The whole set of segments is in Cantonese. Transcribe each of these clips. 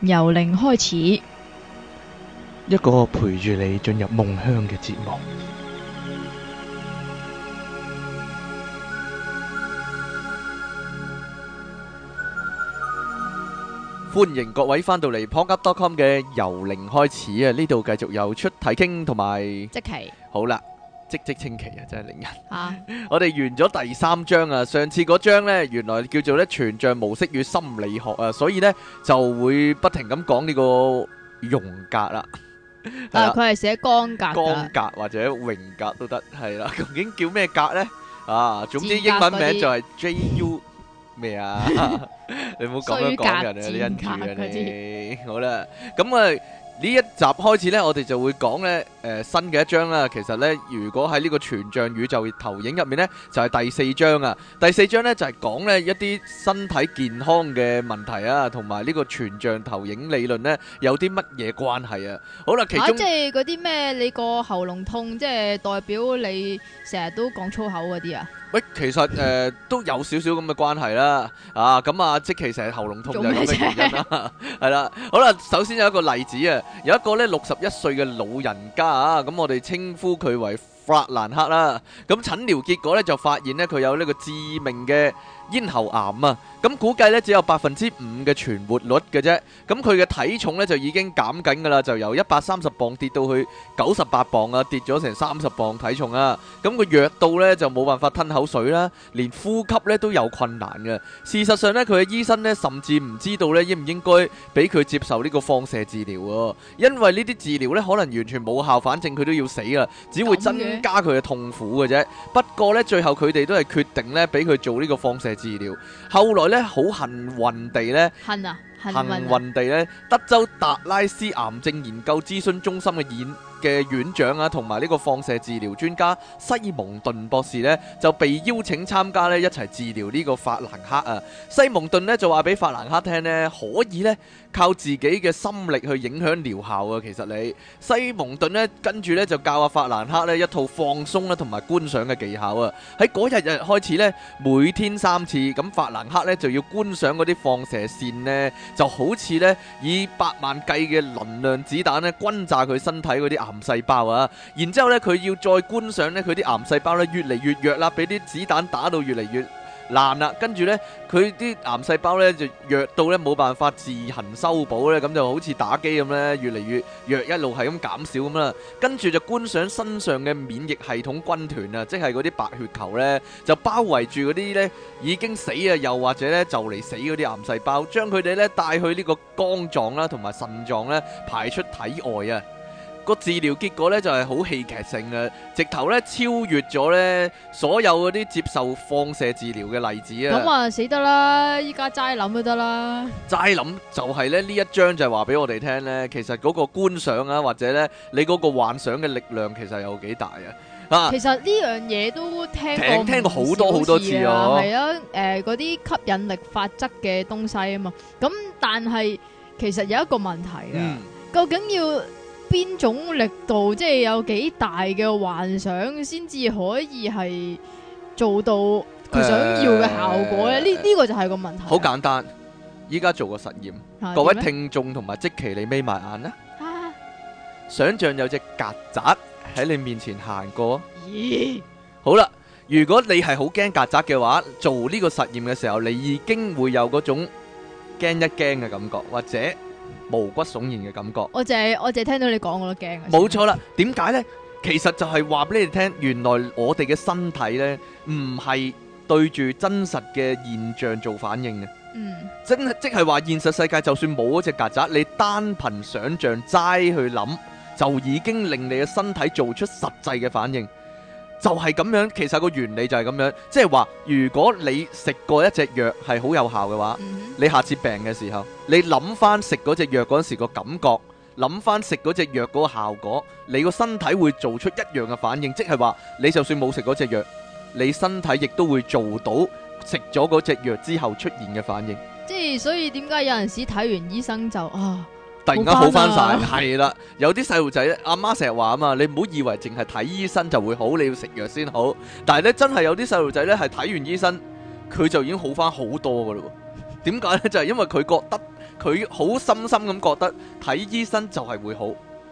由零開始，一個陪住你進入夢鄉嘅節目。歡迎各位翻到嚟 pongup.com 嘅由零開始啊！呢度繼續有出題傾同埋，即係好啦。嘖嘖稱奇啊，真係令人！啊，我哋完咗第三章啊，上次嗰章咧，原來叫做咧全像模式與心理學啊，所以咧就會不停咁講呢個容格啦。啊，佢係寫光格、光格或者榮格都得，係啦。究竟叫咩格咧？啊，總之英文名就係 JU 咩啊？你唔好咁樣講人啊，啲恩主啊你。好啦，咁啊。呢一集開始呢，我哋就會講呢誒、呃、新嘅一章啦。其實呢，如果喺呢個全像宇宙投影入面呢，就係、是、第四章啊。第四章呢，就係、是、講呢一啲身體健康嘅問題啊，同埋呢個全像投影理論呢，有啲乜嘢關係啊？好啦，其中即係嗰啲咩？你個喉嚨痛，即、就、係、是、代表你成日都講粗口嗰啲啊？其實誒、呃、都有少少咁嘅關係啦，啊咁啊即係其實喉嚨痛就係咁嘅原因啦，係 啦，好啦，首先有一個例子啊，有一個咧六十一歲嘅老人家啊，咁我哋稱呼佢為法蘭克啦，咁診療結果咧就發現咧佢有呢個致命嘅咽喉癌啊，咁估計咧只有百分之五嘅存活率嘅啫。咁佢嘅體重咧就已經減緊噶啦，就由一百三十磅跌到去九十八磅啊，跌咗成三十磅體重啊。咁佢弱到咧就冇辦法吞口水啦，連呼吸咧都有困難嘅。事實上咧，佢嘅醫生咧甚至唔知道咧應唔應該俾佢接受呢個放射治療喎，因為呢啲治療咧可能完全冇效，反正佢都要死啦，只會增加佢嘅痛苦嘅啫。不過咧，最後佢哋都係決定咧俾佢做呢個放射。治療後來咧，好幸運地咧，幸啊，幸運地咧，德州達拉斯癌症研究諮詢中心嘅演。嘅院長啊，同埋呢個放射治療專家西蒙頓博士咧，就被邀請參加咧，一齊治療呢個法蘭克啊。西蒙頓咧就話俾法蘭克聽咧，可以咧靠自己嘅心力去影響療效啊。其實你西蒙頓咧跟住咧就教阿法蘭克咧一套放鬆啦同埋觀賞嘅技巧啊。喺日日開始咧，每天三次，咁法蘭克咧就要觀賞嗰啲放射線咧，就好似咧以百萬計嘅能量子彈咧，轟炸佢身體嗰啲癌癌細胞啊，然之後咧，佢要再觀想呢，佢啲癌細胞呢，越嚟越弱啦，俾啲子彈打到越嚟越爛啦，跟住呢，佢啲癌細胞呢，就弱到呢，冇辦法自行修補咧，咁就好似打機咁呢，越嚟越弱，一路係咁減少咁啦，跟住就觀想身上嘅免疫系統軍團啊，即係嗰啲白血球呢，就包圍住嗰啲呢已經死啊，又或者呢就嚟死嗰啲癌細胞，將佢哋呢帶去呢個肝臟啦，同埋腎臟呢排出體外啊。個治療結果咧就係好戲劇性嘅，直頭咧超越咗咧所有嗰啲接受放射治療嘅例子啊！咁啊，死得啦！依家齋諗都得啦，齋諗就係咧呢一張就係話俾我哋聽咧，其實嗰個觀想啊，或者咧你嗰個幻想嘅力量，其實有幾大啊！啊，其實呢樣嘢都聽，聽過好多好多次啊，係啊，誒嗰啲吸引力法則嘅東西啊嘛。咁但係其實有一個問題啊，嗯、究竟要？邊種力度，即係有幾大嘅幻想，先至可以係做到佢想要嘅效果咧？呢呢個就係個問題。好簡單，依家做個實驗，各位聽眾同埋積奇，你眯埋眼啦。想象有隻曱甴喺你面前行過。咦、欸？好啦，如果你係好驚曱甴嘅話，做呢個實驗嘅時候，你已經會有嗰種驚一驚嘅感覺，或者。毛骨悚然嘅感覺，我淨係我淨係聽到你講我都驚。冇錯啦，點解呢？其實就係話俾你哋聽，原來我哋嘅身體呢，唔係對住真實嘅現象做反應嘅。嗯，真即係話現實世界就算冇嗰隻曱甴，你單憑想象齋去諗，就已經令你嘅身體做出實際嘅反應。就係咁樣，其實個原理就係咁樣，即係話如果你食過一隻藥係好有效嘅話，mm hmm. 你下次病嘅時候，你諗翻食嗰隻藥嗰陣時個感覺，諗翻食嗰隻藥嗰個效果，你個身體會做出一樣嘅反應，即係話你就算冇食嗰隻藥，你身體亦都會做到食咗嗰隻藥之後出現嘅反應。即係所以點解有陣時睇完醫生就啊？突然間好翻晒，係啦。 有啲細路仔阿媽成日話啊嘛，你唔好以為淨係睇醫生就會好，你要食藥先好。但係咧，真係有啲細路仔咧係睇完醫生，佢就已經好翻好多嘅咯。點解咧？就係因為佢覺得佢好深深咁覺得睇醫生就係會好。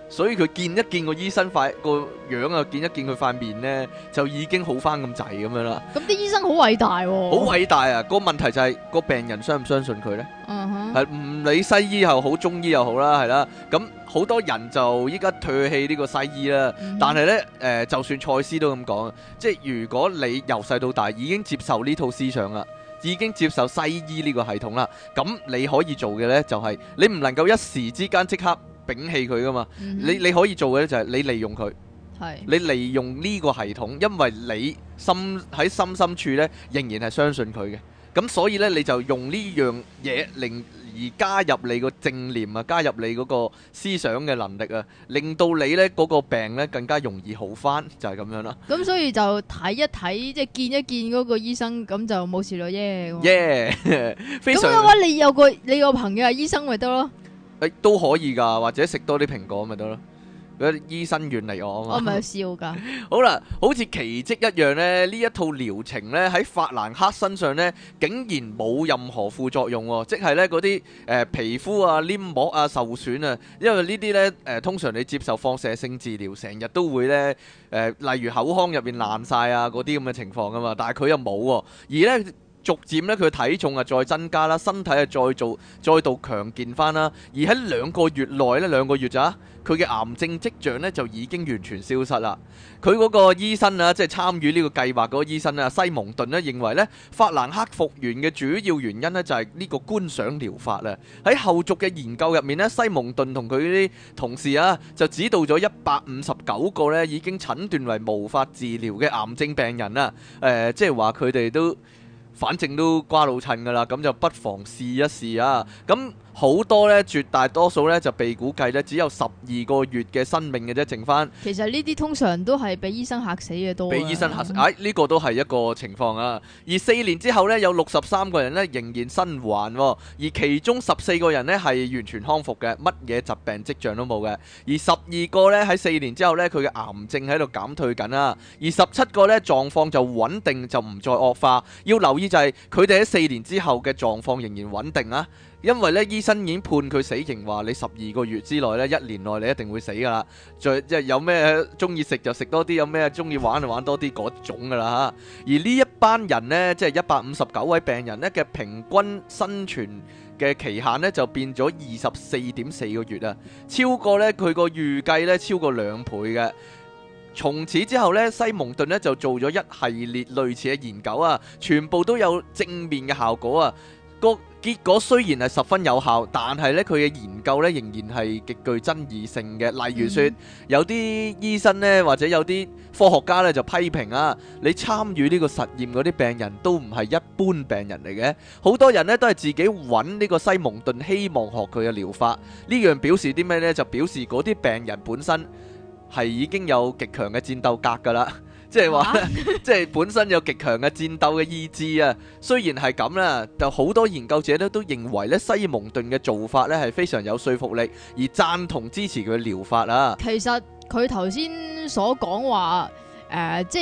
所以佢見一見個醫生，塊個樣啊，見一見佢塊面咧，就已經好返咁滯咁樣啦。咁啲醫生好偉大喎！好偉大啊！個問題就係個病人相唔相信佢咧？嗯哼，係唔理西醫又好中醫又好啦，係啦。咁好多人就依家唾棄呢個西醫啦。但係咧，誒，就算賽斯都咁講，即係如果你由細到大已經接受呢套思想啦，已經接受西醫呢個系統啦，咁你可以做嘅咧就係你唔能夠一時之間即刻。摒棄佢噶嘛？你你可以做嘅咧就係你利用佢，係你利用呢個系統，因為你心喺心深處咧，仍然係相信佢嘅。咁所以咧，你就用呢樣嘢令而加入你個正念啊，加入你嗰個思想嘅能力啊，令到你咧嗰個病咧更加容易好翻，就係咁樣咯。咁所以就睇一睇，即係見一見嗰個醫生，咁就冇事咯，耶！耶，非常。咁嘅話，你有個你個朋友係醫生咪得咯？欸、都可以噶，或者食多啲蘋果咪得咯。嗰醫生遠離我啊嘛，我唔係笑噶。 好啦，好似奇蹟一樣呢，呢一套療程呢，喺法蘭克身上呢，竟然冇任何副作用喎、哦，即係呢嗰啲誒皮膚啊黏膜啊受損啊，因為呢啲呢，誒、呃、通常你接受放射性治療成日都會呢，誒、呃，例如口腔入邊爛晒啊嗰啲咁嘅情況啊嘛，但係佢又冇、哦，而呢。逐漸咧，佢嘅體重啊再增加啦，身體啊再做再度強健翻啦。而喺兩個月內呢，兩個月咋，佢嘅癌症跡象呢就已經完全消失啦。佢嗰個醫生啊，即係參與呢個計劃嗰個醫生啊，西蒙頓呢，認為呢，法蘭克復原嘅主要原因呢，就係呢個觀想療法啊。喺後續嘅研究入面呢，西蒙頓同佢啲同事啊就指導咗一百五十九個呢已經診斷為無法治療嘅癌症病人啊。誒、呃，即係話佢哋都。反正都瓜老襯㗎啦，咁就不妨試一試啊！咁。好多咧，絕大多數咧就被估計咧，只有十二個月嘅生命嘅啫，剩翻。其實呢啲通常都係俾醫生嚇死嘅都俾醫生嚇死，唉、哎，呢、呢個都係一個情況啊。而四年之後呢，有六十三個人呢仍然生還、哦，而其中十四個人呢係完全康復嘅，乜嘢疾病跡象都冇嘅。而十二個呢，喺四年之後呢，佢嘅癌症喺度減退緊啦、啊。而十七個呢狀況就穩定，就唔再惡化。要留意就係佢哋喺四年之後嘅狀況仍然穩定啊。因為咧，醫生已經判佢死刑，話你十二個月之內咧，一年內你一定會死噶啦。再即係有咩中意食就食多啲，有咩中意玩就玩多啲嗰種噶啦吓。而呢一班人呢，即係一百五十九位病人呢，嘅平均生存嘅期限呢，就變咗二十四點四個月啦，超過呢佢個預計呢，超過兩倍嘅。從此之後呢，西蒙頓呢，就做咗一系列類似嘅研究啊，全部都有正面嘅效果啊。個結果雖然係十分有效，但係咧佢嘅研究咧仍然係極具爭議性嘅。例如說，有啲醫生咧或者有啲科學家咧就批評啊，你參與呢個實驗嗰啲病人都唔係一般病人嚟嘅，好多人呢，都係自己揾呢個西蒙頓希望學佢嘅療法。呢樣表示啲咩呢？就表示嗰啲病人本身係已經有極強嘅戰鬥格噶啦。即係話，即係本身有極強嘅戰鬥嘅意志啊。雖然係咁啦，就好多研究者咧都認為咧西蒙頓嘅做法咧係非常有說服力，而贊同支持佢嘅療法啊。其實佢頭先所講話，誒、呃，即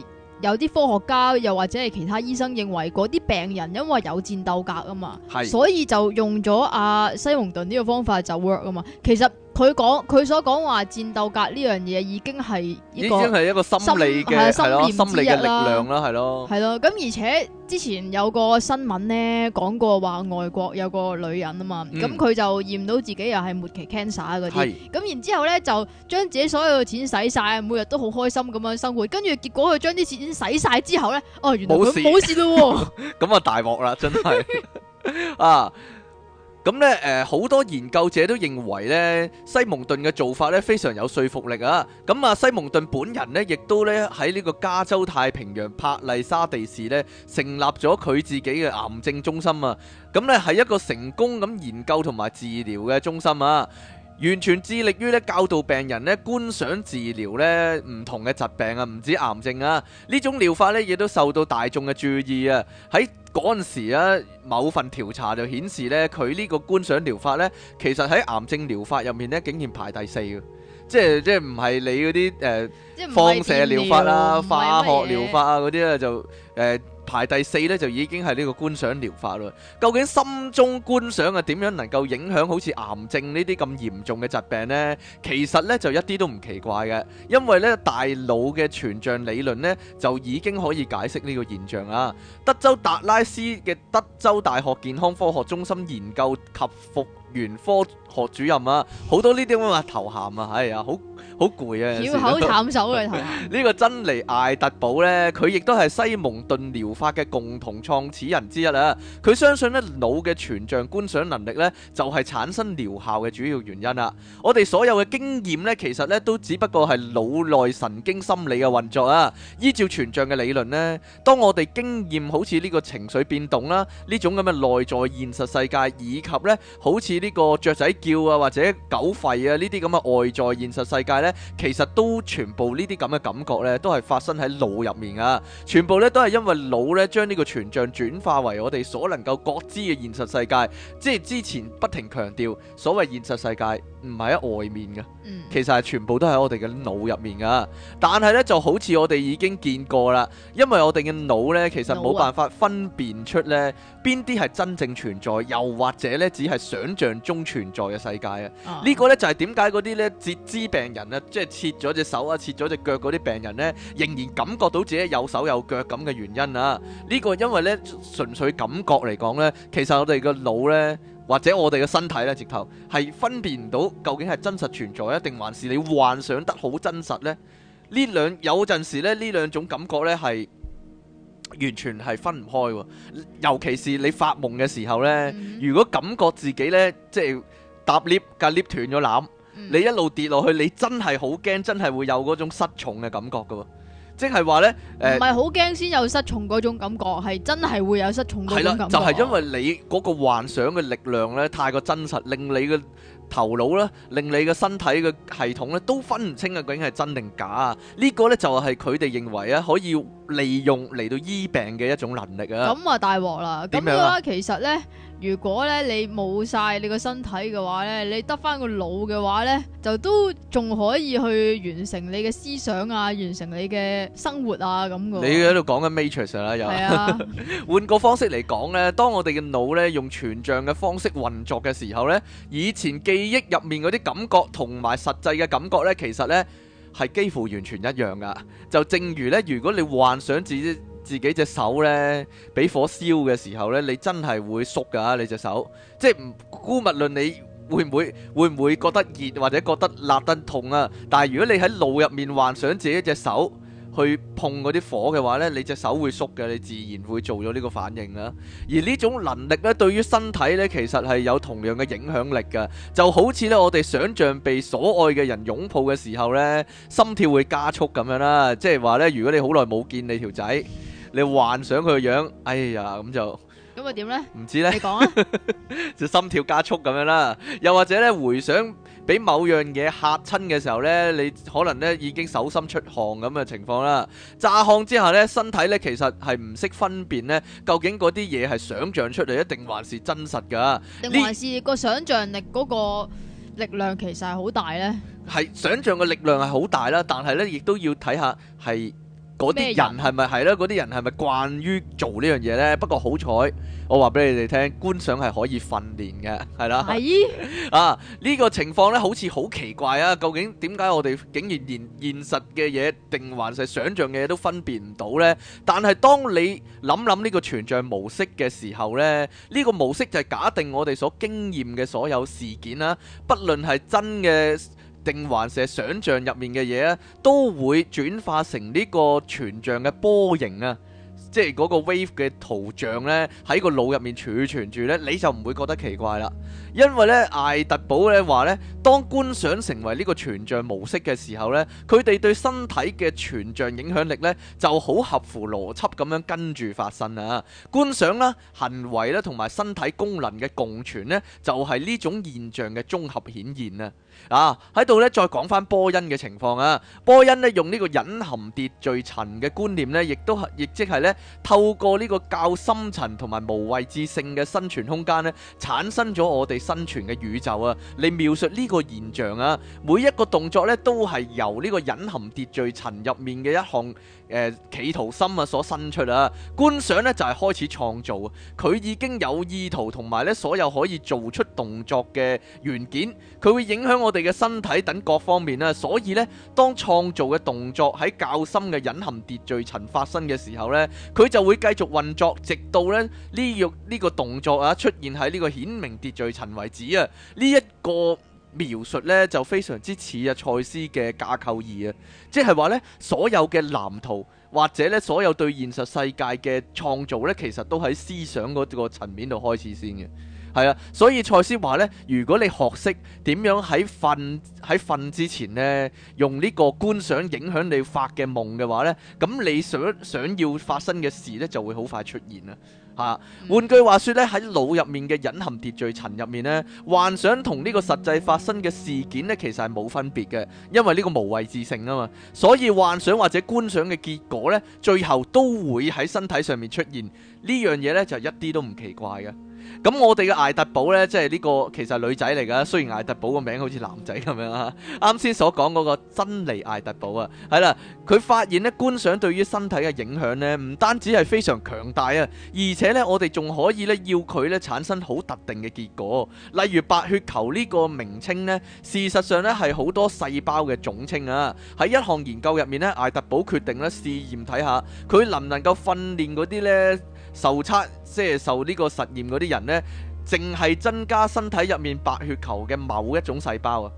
係有啲科學家又或者係其他醫生認為嗰啲病人因為有戰鬥格啊嘛，是所以就用咗阿、啊、西蒙頓呢個方法就 work 啊嘛。其實。佢講佢所講話，戰鬥格呢樣嘢已經係，已經係一個心理嘅係咯，心，心理嘅力量啦，係咯、啊，係咯、啊。咁而且之前有個新聞咧，講過話外國有個女人啊嘛，咁佢、嗯、就驗到自己又係末期 cancer 嗰啲，咁是然之後咧就將自己所有嘅錢使晒，每日都好開心咁樣生活，跟住結果佢將啲錢使晒之後咧，哦、啊，原來佢冇事咯，咁啊大鑊啦，真係 啊！咁咧，誒好、嗯、多研究者都認為咧，西蒙頓嘅做法咧非常有說服力啊！咁啊，西蒙頓本人呢亦都咧喺呢個加州太平洋帕麗沙地市咧，成立咗佢自己嘅癌症中心啊！咁咧係一個成功咁研究同埋治療嘅中心啊！完全致力於咧教導病人咧觀賞治療咧唔同嘅疾病啊，唔止癌症啊！呢種療法咧亦都受到大眾嘅注意啊！喺嗰陣時咧，某份調查就顯示咧，佢呢個觀賞療法咧，其實喺癌症療法入面咧，竟然排第四嘅，即係、呃、即係唔係你嗰啲誒放射療法啊、化學療法啊嗰啲咧就誒。呃排第四咧，就已經係呢個觀想療法啦。究竟心中觀想啊，點樣能夠影響好似癌症呢啲咁嚴重嘅疾病呢？其實呢，就一啲都唔奇怪嘅，因為咧大腦嘅全像理論呢，就已經可以解釋呢個現象啦。德州達拉斯嘅德州大學健康科學中心研究及復原科學主任啊，好多呢啲咁嘅頭銜啊，哎呀，好好攰啊，要好慘手嘅頭。呢個珍妮艾特堡咧，佢亦都係西蒙頓療法嘅共同創始人之一啊。佢相信咧，腦嘅全像觀想能力咧，就係、是、產生療效嘅主要原因啦、啊。我哋所有嘅經驗咧，其實咧都只不過係腦內神經心理嘅運作啊。依照全像嘅理論咧，當我哋經驗好似呢個情緒變動啦、啊，呢種咁嘅內在現實世界，以及咧好似呢個雀仔。叫啊，或者狗吠啊，呢啲咁嘅外在現實世界咧，其實都全部呢啲咁嘅感覺咧，都係發生喺腦入面啊，全部咧都係因為腦咧將呢個傳像轉化為我哋所能夠覺知嘅現實世界，即係之前不停強調所謂現實世界。唔係喺外面嘅，嗯、其實係全部都喺我哋嘅腦入面噶。但係呢就好似我哋已經見過啦，因為我哋嘅腦呢,其實冇辦法分辨出呢邊啲係真正存在，又或者呢只係想象中存在嘅世界啊。嗯、呢個呢就係點解嗰啲呢截肢病人啊，即係切咗隻手啊，切咗隻腳嗰啲病人呢，仍然感覺到自己有手有腳咁嘅原因啊。呢、呢個因為呢，純粹感覺嚟講呢，其實我哋嘅腦呢。或者我哋嘅身體咧，直頭係分辨唔到究竟係真實存在，定還是你幻想得好真實咧？兩呢兩有陣時咧，呢兩種感覺呢係完全係分唔開喎。尤其是你發夢嘅時候呢，嗯、如果感覺自己呢，即係搭 lift 架 lift 斷咗纜，你一路跌落去，你真係好驚，真係會有嗰種失重嘅感覺㗎喎。即係話咧，誒，唔係好驚先有失重嗰種感覺，係真係會有失重嗰種感覺。係啦，就係、是、因為你嗰個幻想嘅力量咧太過真實，令你嘅頭腦啦，令你嘅身體嘅系統咧都分唔清啊，究竟係真定假啊？這個、呢個咧就係佢哋認為啊，可以利用嚟到醫病嘅一種能力啊。咁啊大鑊啦，點樣啊？樣其實咧。如果咧你冇晒你個身體嘅話咧，你得翻個腦嘅話咧，就都仲可以去完成你嘅思想啊，完成你嘅生活啊咁嘅。你喺度講緊 Matrix 啦，又係啊，換個方式嚟講咧，當我哋嘅腦咧用全像嘅方式運作嘅時候咧，以前記憶入面嗰啲感覺同埋實際嘅感覺咧，其實咧係幾乎完全一樣噶。就正如咧，如果你幻想自己。自己隻手呢，俾火燒嘅時候呢，你真係會縮噶。你隻手，即係姑勿論，你會唔會會唔會覺得熱或者覺得辣得痛啊？但係如果你喺腦入面幻想自己隻手去碰嗰啲火嘅話呢，你隻手會縮嘅，你自然會做咗呢個反應啦。而呢種能力呢，對於身體呢，其實係有同樣嘅影響力㗎。就好似呢，我哋想象被所愛嘅人擁抱嘅時候呢，心跳會加速咁樣啦。即係話呢，如果你好耐冇見你條仔。你幻想佢個樣，哎呀咁就咁咪點呢？唔知呢，你講啊， 就心跳加速咁樣啦。又或者咧，回想俾某樣嘢嚇親嘅時候呢，你可能呢已經手心出汗咁嘅情況啦。詐汗之後呢，身體呢其實係唔識分辨呢，究竟嗰啲嘢係想象出嚟，一定還是真實噶？定還是個想象力嗰個力量其實係好大呢？係想象嘅力量係好大啦，但係呢亦都要睇下係。嗰啲人係咪係咯？嗰啲人係咪慣於做呢樣嘢咧？不過好彩，我話俾你哋聽，觀想係可以訓練嘅，係啦。係啊，呢個情況咧，好似好奇怪啊！究竟點解我哋竟然現現實嘅嘢定還是想像嘅嘢都分辨唔到咧？但係當你諗諗呢個存在模式嘅時候咧，呢個模式就係假定我哋所經驗嘅所有事件啦，不論係真嘅。定還是想象入面嘅嘢咧，都會轉化成呢個全像嘅波形啊，即係嗰個 wave 嘅圖像呢，喺個腦入面儲存住呢，你就唔會覺得奇怪啦。因為咧艾特堡咧話咧，當觀賞成為呢個全像模式嘅時候咧，佢哋對身體嘅全像影響力咧就好合乎邏輯咁樣跟住發生啊！觀賞啦、行為啦同埋身體功能嘅共存咧，就係、是、呢種現象嘅綜合顯現啊！啊，喺度咧再講翻波恩嘅情況啊，波恩咧用呢個隱含秩序層嘅觀念咧，亦都亦即係咧透過呢個較深層同埋無位置性嘅生存空間咧，產生咗我哋。生存嘅宇宙啊！你描述呢個現象啊，每一個動作咧都係由呢個隱含秩序層入面嘅一項誒、呃、企圖心啊所生出啊。觀賞咧就係開始創造，啊，佢已經有意圖同埋咧所有可以做出動作嘅元件，佢會影響我哋嘅身體等各方面啊。所以咧，當創造嘅動作喺較深嘅隱含秩序層發生嘅時候咧，佢就會繼續運作，直到咧呢個呢個動作啊出現喺呢個顯明秩序層為止啊！呢、這、一個描述呢，就非常之似啊塞斯嘅架構意。啊，即係話呢，所有嘅藍圖或者呢，所有對現實世界嘅創造呢，其實都喺思想嗰個層面度開始先嘅。係啊，所以塞斯話呢，如果你學識點樣喺瞓、喺瞓之前呢，用呢個觀想影響你發嘅夢嘅話呢，咁你想、想要發生嘅事呢，就會好快出現啦。啊，換句話說咧，喺腦入面嘅隱含秩序層入面咧，幻想同呢個實際發生嘅事件咧，其實係冇分別嘅，因為呢個無位置性啊嘛，所以幻想或者觀想嘅結果咧，最後都會喺身體上面出現，呢樣嘢咧就一啲都唔奇怪嘅。咁我哋嘅艾特寶呢，即係呢個其實女仔嚟噶，雖然艾特寶 個名好似男仔咁樣啊。啱先所講嗰個珍妮艾特寶啊，係啦，佢發現呢觀賞對於身體嘅影響呢，唔單止係非常強大啊，而且呢，我哋仲可以呢要佢呢產生好特定嘅結果，例如白血球呢個名稱呢，事實上呢係好多細胞嘅總稱啊。喺一項研究入面呢，艾特寶決定呢試驗睇下，佢能唔能夠訓練嗰啲呢，受測即係、就是、受呢個實驗嗰啲人呢，淨係增加身體入面白血球嘅某一種細胞啊！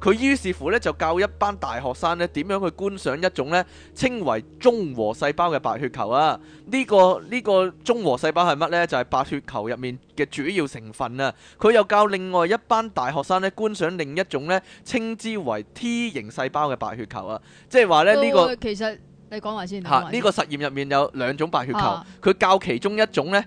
佢於是乎呢，就教一班大學生呢點樣去觀賞一種呢稱為中和細胞嘅白血球啊！呢、這個呢、這個中和細胞係乜呢？就係、是、白血球入面嘅主要成分啊！佢又教另外一班大學生呢，觀賞另一種呢稱之為 T 型細胞嘅白血球啊！即係話呢，呢、這個其實你講埋先。吓，呢、啊呢個實驗入面有兩種白血球，佢、啊、教其中一種呢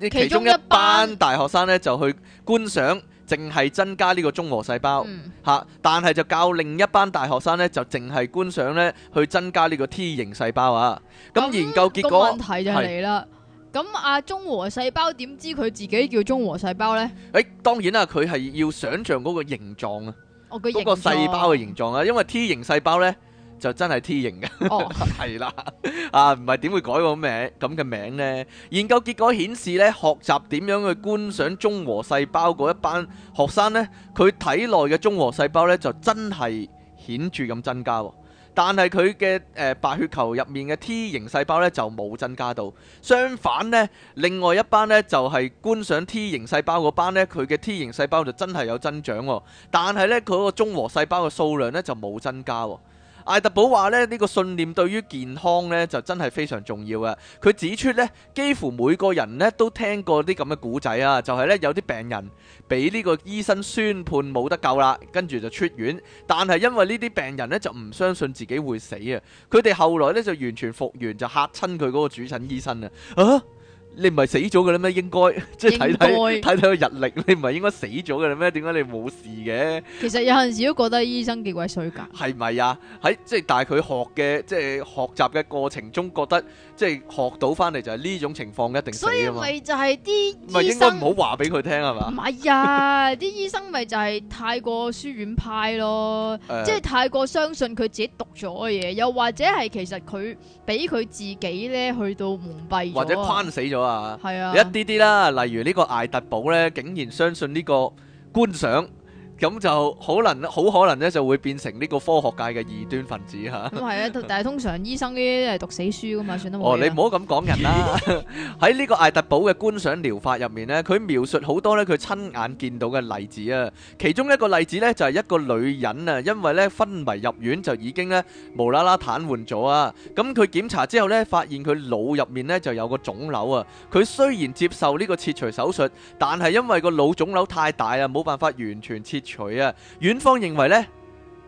其中一,其中一班大學生呢就去觀賞，淨係增加呢個中和細胞。吓、嗯啊，但係就教另一班大學生呢，就淨係觀賞呢去增加呢個 T 型細胞啊。咁研究結果、嗯、問題就嚟啦。咁啊是，中和細胞點知佢自己叫中和細胞呢？誒、哎，當然啦，佢係要想象嗰個形狀啊，嗰、哦、個細胞嘅形狀啊，因為 T 型細胞呢。就真係 T 型㗎、 哦，係啦， 啊唔係點會改個名咁嘅名呢？研究結果顯示呢學習點樣去觀賞中和細胞嗰一班學生呢，佢體內嘅中和細胞呢就真係顯著咁增加。哦，但係佢嘅誒白血球入面嘅 T 型細胞呢就冇增加到。相反呢，另外一班呢就係、是、觀賞 T 型細胞嗰班呢，佢嘅 T 型細胞就真係有增長。哦，但係呢，佢個中和細胞嘅數量呢就冇增加，哦。艾特寶話咧呢個信念對於健康咧就真係非常重要啊！佢指出咧，幾乎每個人咧都聽過啲咁嘅故仔啊，就係咧有啲病人俾呢個醫生宣判冇得救啦，跟住就出院，但係因為呢啲病人咧就唔相信自己會死啊，佢哋後來咧就完全復原，就嚇親佢嗰個主診醫生啊！你唔係死咗嘅啦咩？應該即係睇睇睇睇個日曆，你唔係應該死咗嘅啦咩？點解你冇事嘅？其實有陣時都覺得醫生幾鬼衰噶。係咪 啊？喺即係，但係佢學嘅即係學習嘅過程中覺得。即係學到翻嚟就係呢種情況一定死啊嘛！所以咪就係啲醫生唔係應該唔好話俾佢聽係嘛？唔係啊！啲醫生咪就係太過書院派咯，即係 太過相信佢自己讀咗嘅嘢，又或者係其實佢俾佢自己咧去到蒙蔽，或者框死咗啊！係啊，一啲啲啦，例如呢個艾特寶咧，竟然相信呢個觀賞。咁就可能好可能咧，就會變成呢個科學界嘅異端分子嚇。咁係啊，但係通常醫生呢啲係讀死書噶嘛，算得。哦，你唔好咁講人啦。喺呢個艾特堡嘅觀賞療法入面咧，佢描述好多咧佢親眼見到嘅例子啊。其中一個例子咧就係一個女人啊，因為咧昏迷入院就已經咧無啦啦癱瘓咗啊。咁佢檢查之後咧，發現佢腦入面咧就有個腫瘤啊。佢雖然接受呢個切除手術，但係因為個腦腫瘤太大啊，冇辦法完全切。除啊，院方認為呢，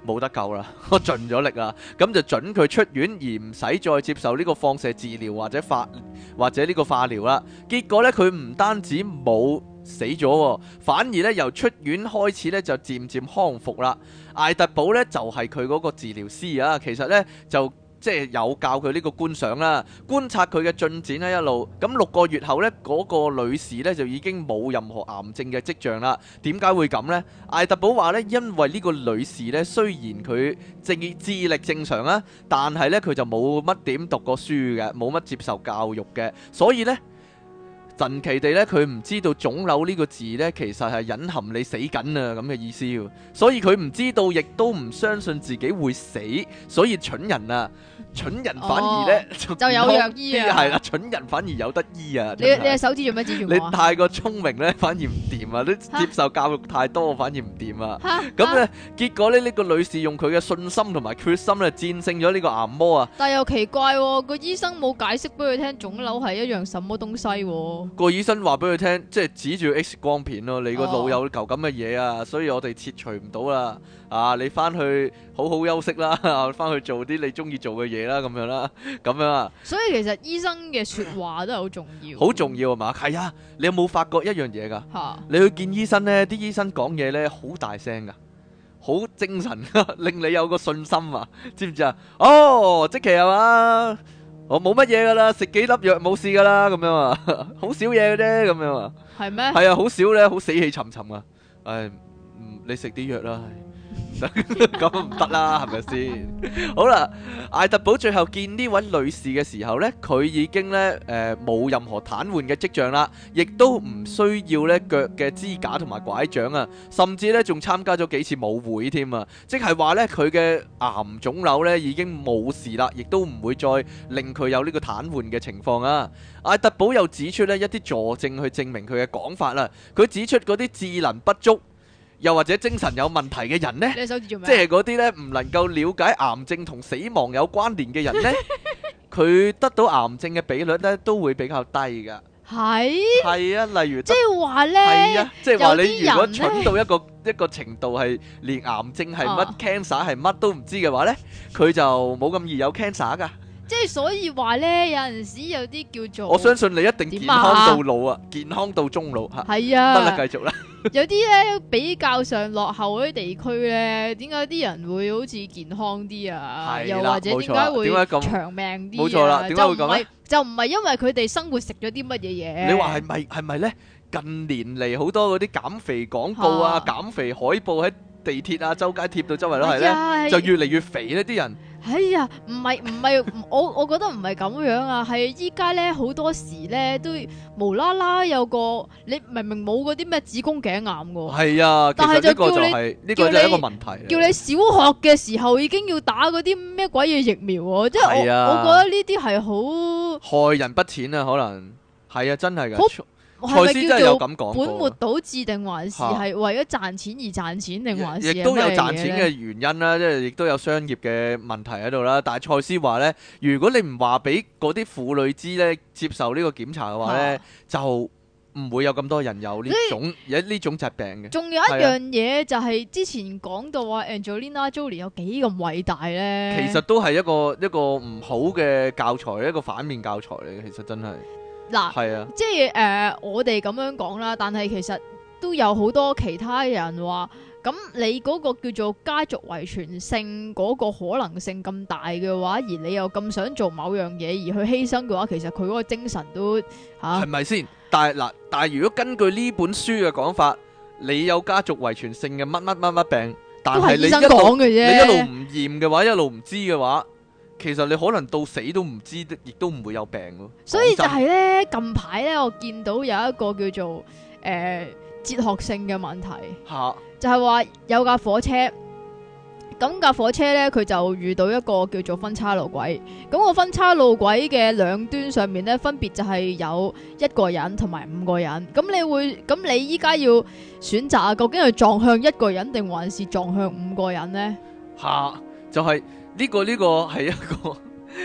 冇得救啦， 我盡咗力啦，咁就準佢出院，而唔使再接受呢個放射治療或者化或者呢個化療啦。結果呢，佢唔單止冇死咗，反而呢由出院開始呢就漸漸康復啦。艾特寶呢就係佢嗰個治療師啊，其實呢就。即係有教佢呢個觀賞啦，觀察佢嘅進展咧一路。咁六個月後咧，嗰個女士咧就已經冇任何癌症嘅跡象啦。點解會咁咧？艾特寶話咧，因為呢個女士咧，雖然佢正智力正常啊，但係咧佢就冇乜點讀過書嘅，冇乜接受教育嘅，所以咧，神奇地咧，佢唔知道腫瘤呢個字咧，其實係隱含你死緊啊咁嘅意思。所以佢唔知道，亦都唔相信自己會死，所以蠢人啊！蠢人反而咧、oh, 就有藥醫啊，係啦，蠢人反而有得醫啊。你你係手指做咩指住我？你太過聰明咧，反而唔掂啊！你哈接受教育太多，反而唔掂啊。咁咧，結果呢，呢、這個女士用佢嘅信心同埋決心咧，戰勝咗呢個癌魔啊！但係又奇怪，啊，個醫生冇解釋俾佢聽，腫瘤係一樣什麼東西，啊？個醫生話俾佢聽，即係指住 X 光片咯，你個腦有嚿咁嘅嘢啊，所以我哋切除唔到啦。Oh. 啊！你翻去好好休息啦，翻去做啲你中意做嘅嘢啦，咁樣啦，咁樣啊。所以其實醫生嘅說話都係好重要，好重要啊嘛。係啊，你有冇發覺一樣嘢噶？你去見醫生咧，啲醫生講嘢咧好大聲噶，好精神，令你有個信心啊。知唔知啊？哦，即期係嘛，我冇乜嘢噶啦，食幾粒藥冇事噶啦，咁樣啊，好少嘢嘅啫，咁樣啊。係咩？係啊，好少咧，好死氣沉沉啊。誒，嗯，你食啲藥啦。咁唔得啦，係咪先？好啦，艾特寶最後見呢位女士嘅時候咧，佢已經咧誒冇任何癱瘓嘅跡象啦，亦都唔需要咧腳嘅支架同埋拐杖啊，甚至咧仲參加咗幾次舞會添啊，即係話咧佢嘅癌腫瘤咧已經冇事啦，亦都唔會再令佢有呢個癱瘓嘅情況啊。艾特寶又指出咧一啲助證去證明佢嘅講法啦，佢指出嗰啲智能不足。又或者精神有問題嘅人呢？即係嗰啲咧唔能夠了解癌症同死亡有關聯嘅人呢？佢得到癌症嘅比率呢都會比較低㗎。係，係啊，例如即係話呢，係啊，即係話你如果蠢到一個一個程度係連癌症係乜 cancer 係乜都唔知嘅話呢，佢就冇咁易有 cancer 㗎。即係所以話咧，有陣時有啲叫做我相信你一定健康到老啊，健康到終老嚇。係啊，得啦，繼續啦。有啲咧比較上落後嗰啲地區咧，點解啲人會好似健康啲啊？係啦，冇錯。又或者點解會長命啲？冇錯啦，點解會咁咧？就唔係因為佢哋生活食咗啲乜嘢嘢？你話係咪係咪咧？近年嚟好多嗰啲減肥廣告啊，減肥海報。地鐵啊，周街貼到周圍都係咧，哎、呀就越嚟越肥呢啲人。哎呀，唔係唔係， 我我覺得唔係咁樣啊，係依家咧好多時咧都無啦啦有個，你明明冇嗰啲咩子宮頸癌噶。係啊、哎，但係呢個就係呢個係一個問題。叫你，叫你小學嘅時候已經要打嗰啲咩鬼嘢疫苗啊，即係、哎、呀我我覺得呢啲係好害人不淺啊，可能係啊，真係噶。蔡司真係有咁講過，本末倒置定還是係為咗賺錢而賺錢，定還是亦都有賺錢嘅原因啦，即係亦都有商業嘅問題喺度啦。但係蔡司話咧，如果你唔話俾嗰啲婦女知咧，接受呢個檢查嘅話咧，啊、就唔會有咁多人有呢種呢呢以種疾病嘅。仲有一樣嘢、啊、就係之前講到話 Angelina Jolie 有幾咁偉大咧，其實都係一個一個唔好嘅教材，一個反面教材嚟嘅。其實真係。嗱，係啊，即係誒，我哋咁樣講啦，但係其實都有好多其他人話，咁你嗰個叫做家族遺傳性嗰個可能性咁大嘅話，而你又咁想做某樣嘢而去犧牲嘅話，其實佢嗰個精神都吓係咪先？但係嗱，但係如果根據呢本書嘅講法，你有家族遺傳性嘅乜乜乜乜病，但係你一路你一路唔驗嘅話，一路唔知嘅話。其實你可能到死都唔知，亦都唔會有病咯。所以就係咧，近排咧，我見到有一個叫做誒、呃、哲學性嘅問題，吓？就係話有架火車，咁架火車咧，佢就遇到一個叫做分叉路軌。咁個分叉路軌嘅兩端上面咧，分別就係有一個人同埋五個人。咁你會咁你依家要選擇啊？究竟係撞向一個人定還是撞向五個人呢？吓，就係、是。呢、這個呢、這個係一個。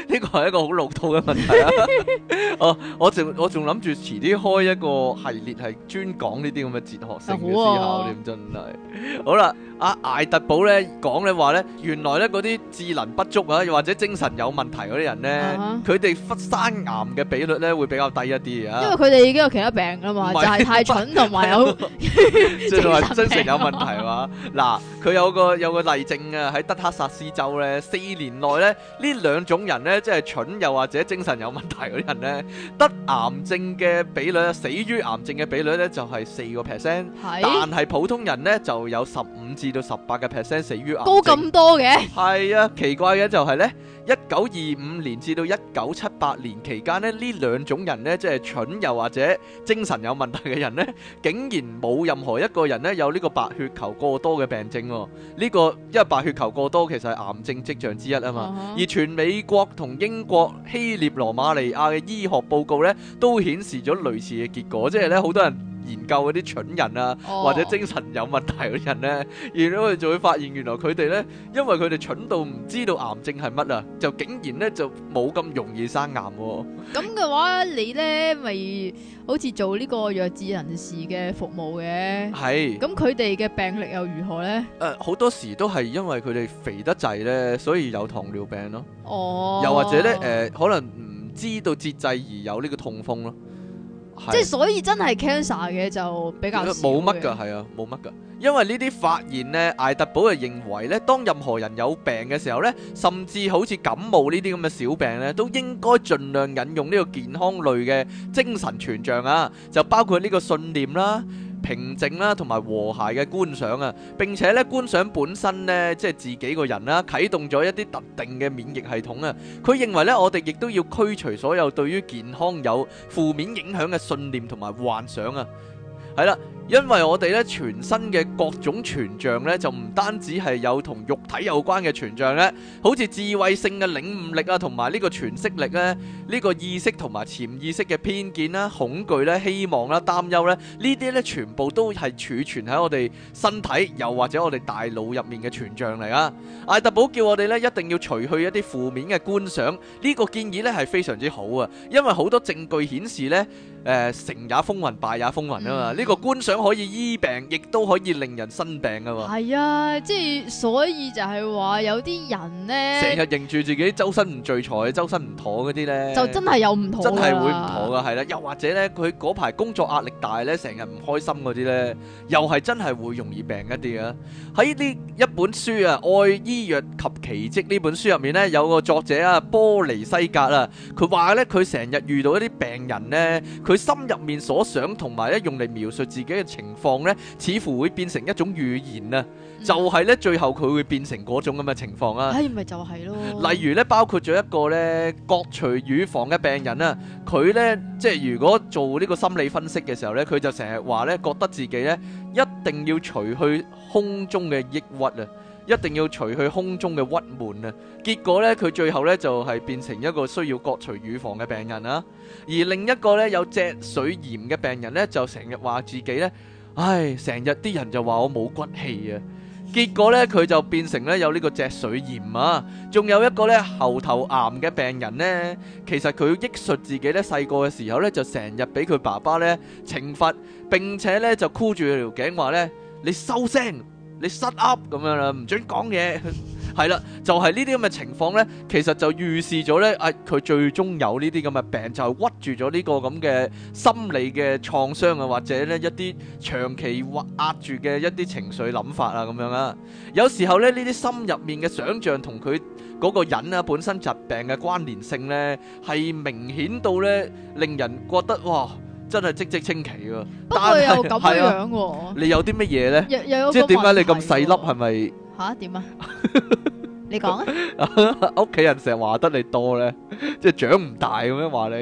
呢個係一個好老套嘅問題啊！哦、 嗯，我仲我仲諗住遲啲開一個系列係專講呢啲咁嘅哲學性嘅思考點，啊啊、真係好啦！阿、啊、艾特寶咧講咧話咧，原來咧嗰啲智能不足啊，又或者精神有問題嗰啲人咧，佢哋發生癌嘅比率咧會比較低一啲啊！因為佢哋已經有其他病噶嘛，啊、就係太蠢同埋有精神 有問題嘛、啊。嗱，佢有個有，個，有個例證啊，喺德克薩斯州咧，四年內咧呢兩種人呢。咧，即係蠢又或者精神有問題嗰啲人咧，得癌症嘅比率，死於癌症嘅比率咧就係四個 percent，但係普通人咧就有十五至到十八個 percent 死於癌。高咁多嘅？係啊，奇怪嘅就係咧，一九二五年至到一九七八年期間呢，呢兩種人咧，即係蠢又或者精神有問題嘅人咧，竟然冇任何一個人咧有呢個白血球過多嘅病症，哦。呢、呢個因為白血球過多其實係癌症跡象之一啊嘛，uh huh. 而全美國。同英國希臘羅馬尼亞嘅醫學報告咧，都顯示咗類似嘅結果，即係咧好多人研究嗰啲蠢人啊，Oh. 或者精神有問題嘅人咧，然後佢就會發現，原來佢哋咧，因為佢哋蠢到唔知道癌症係乜啊，就竟然咧就冇咁容易生癌啊。咁嘅話，你咧咪好似做呢個弱智人士嘅服務嘅？係，咁佢哋嘅病歷又如何咧？誒、呃，好多時都係因為佢哋肥得滯咧，所以有糖尿病咯。哦。Oh. 又或者咧，誒、呃、可能唔知道節制而有呢個痛風咯。即係所以真係 cancer 嘅就比較少。冇乜㗎，係 啊，冇乜㗎。因為呢啲發現呢，艾特寶就認為呢，當任何人有病嘅時候呢，甚至好似感冒呢啲咁嘅小病呢，都應該盡量引用呢個健康類嘅精神存像啊，就包括呢個信念啦。平靜啦，同埋和諧嘅觀賞啊，並且咧觀賞本身呢，即係自己個人啦，啟動咗一啲特定嘅免疫系統啊。佢認為咧，我哋亦都要驅除所有對於健康有負面影響嘅信念同埋幻想啊。係啦。因為我哋咧全身嘅各種全像咧，就唔單止係有同肉體有關嘅全像咧，好似智慧性嘅領悟力啊，同埋呢個詮釋力咧，呢個意識同埋潛意識嘅偏見啦、恐懼咧、希望啦、擔憂咧，呢啲咧全部都係儲存喺我哋身體又或者我哋大腦入面嘅全像嚟啊！艾特寶叫我哋咧一定要除去一啲負面嘅觀想，呢、這個建議咧係非常之好啊，因為好多證據顯示咧，誒、呃、成也風雲，敗也風雲啊嘛，呢、嗯、個觀想。可以醫病，亦都可以令人生病噶喎。係啊，即係所以就係話有啲人咧，成日認住自己周身唔聚財、周身唔妥嗰啲咧，就真係有唔妥，真係會唔妥噶，係啦。又或者咧，佢嗰排工作壓力大咧，成日唔開心嗰啲咧，又係真係會容易病一啲啊。喺呢一本書啊，《愛醫藥及奇蹟》呢本書入面咧，有個作者啊，波尼西格啊，佢話咧，佢成日遇到一啲病人咧，佢心入面所想同埋咧，用嚟描述自己嘅。情況咧，似乎會變成一種預言啊！就係咧，最後佢會變成嗰種咁嘅情況啊！唉，咪就係咯。例如咧，包括咗一個咧割除乳房嘅病人啊，佢咧即係如果做呢個心理分析嘅時候咧，佢就成日話咧，覺得自己咧一定要除去胸中嘅抑鬱啊。一定要除去胸中嘅鬱悶啊！結果咧，佢最後咧就係、是、變成一個需要割除乳房嘅病人啊。而另一個咧有脊髓炎嘅病人咧，就成日話自己咧，唉，成日啲人就話我冇骨氣啊。結果咧，佢就變成咧有呢個脊髓炎啊。仲有一個咧喉頭癌嘅病人咧，其實佢要憶述自己咧，細個嘅時候咧就成日俾佢爸爸咧懲罰，並且咧就箍住佢條頸話咧，你收聲。你失 up 咁樣啦，唔准講嘢，係 啦，就係呢啲咁嘅情況咧，其實就預示咗咧，啊，佢最終有呢啲咁嘅病，就係屈住咗呢個咁嘅心理嘅創傷啊，或者咧一啲長期或壓住嘅一啲情緒諗法啊，咁樣啊，有時候咧呢啲心入面嘅想像同佢嗰個人啊本身疾病嘅關聯性咧，係明顯到咧令人覺得哇！真係跡跡清奇喎，不過又咁是、啊、樣、啊、你有啲乜嘢咧？啊、即係點解你咁細粒係咪？嚇點啊？ 你講啊！屋企 人成日話得你多咧，即係長唔大咁樣話你，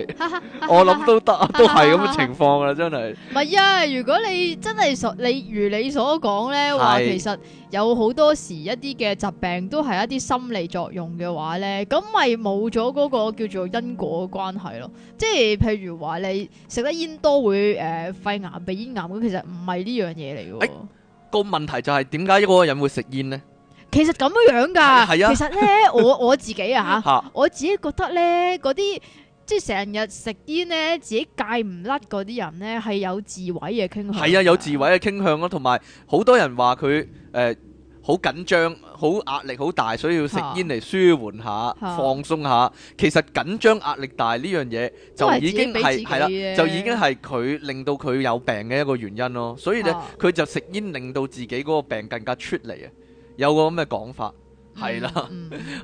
我諗都得， 都係咁嘅情況啦，真係。唔係啊，如果你真係你如你所講咧，話是其實有好多時一啲嘅疾病都係一啲心理作用嘅話咧，咁咪冇咗嗰個叫做因果關係咯。即係譬如話你食得煙多會誒、呃、肺癌、鼻咽癌咁，其實唔係呢樣嘢嚟嘅。個、欸、問題就係點解嗰個人會食煙呢？其實咁樣樣噶，的其實呢， 我我自己啊吓， 我自己覺得呢，嗰啲即係成日食煙呢，自己戒唔甩嗰啲人呢，係有自毀嘅傾向。係啊，有自毀嘅傾向咯，同埋好多人話佢誒好緊張、好、呃、壓力、好大，所以要食煙嚟，舒緩下、啊、放鬆下。其實緊張、壓力大呢樣嘢就已經係，係啦，就已經係佢令到佢有病嘅一個原因咯。所以呢，佢、啊、就食煙令到自己嗰個病更加出嚟啊。有個咁嘅講法，係啦，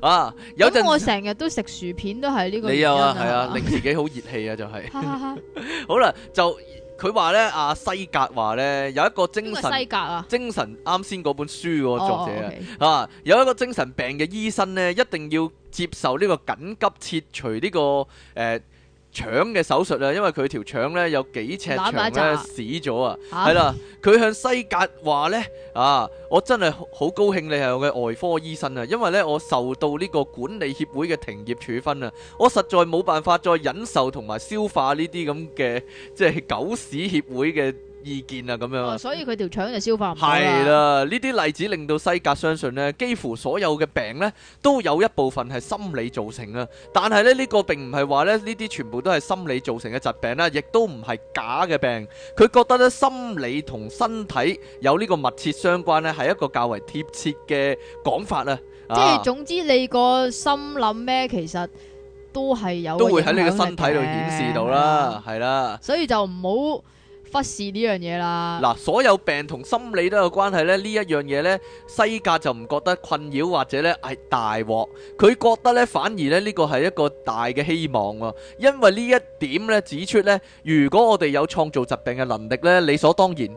啊有陣我成日都食薯片都係呢個，你有啊，係啊，令自己好熱氣啊就係、係。 好啦，就佢話咧，阿、啊、西格話咧有一個精神西格啊，精神啱先嗰本書喎，作者啊，有一個精神病嘅醫生咧，一定要接受呢個緊急切除呢、呢個誒。呃腸嘅手術啊，因為佢條腸咧有幾尺長咧死咗啊，係啦，佢向西格話呢，啊，我真係好高興你係我嘅外科醫生啊，因為呢，我受到呢個管理協會嘅停業處分啊，我實在冇辦法再忍受同埋消化呢啲咁嘅即係狗屎協會嘅意見啊，咁樣啊，所以佢條腸就消化唔到啦。係啦，呢啲例子令到西格相信咧，幾乎所有嘅病咧都有一部分係心理造成啊。但係咧，呢個並唔係話咧呢啲全部都係心理造成嘅疾病啦，亦都唔係假嘅病。佢覺得咧心理同身體有呢個密切相關咧，係一個較為貼切嘅講法啊。即係總之，你個心諗咩，其實都係有都會喺你嘅身體度顯示到啦，係啦。所以就唔好。不是呢樣嘢啦，嗱，所有病同心理都有關係咧。呢一樣嘢呢，西格就唔覺得困擾或者咧係大鑊，佢覺得呢，反而咧呢個係一個大嘅希望喎，因為呢一點咧指出呢，如果我哋有創造疾病嘅能力呢，理所當然。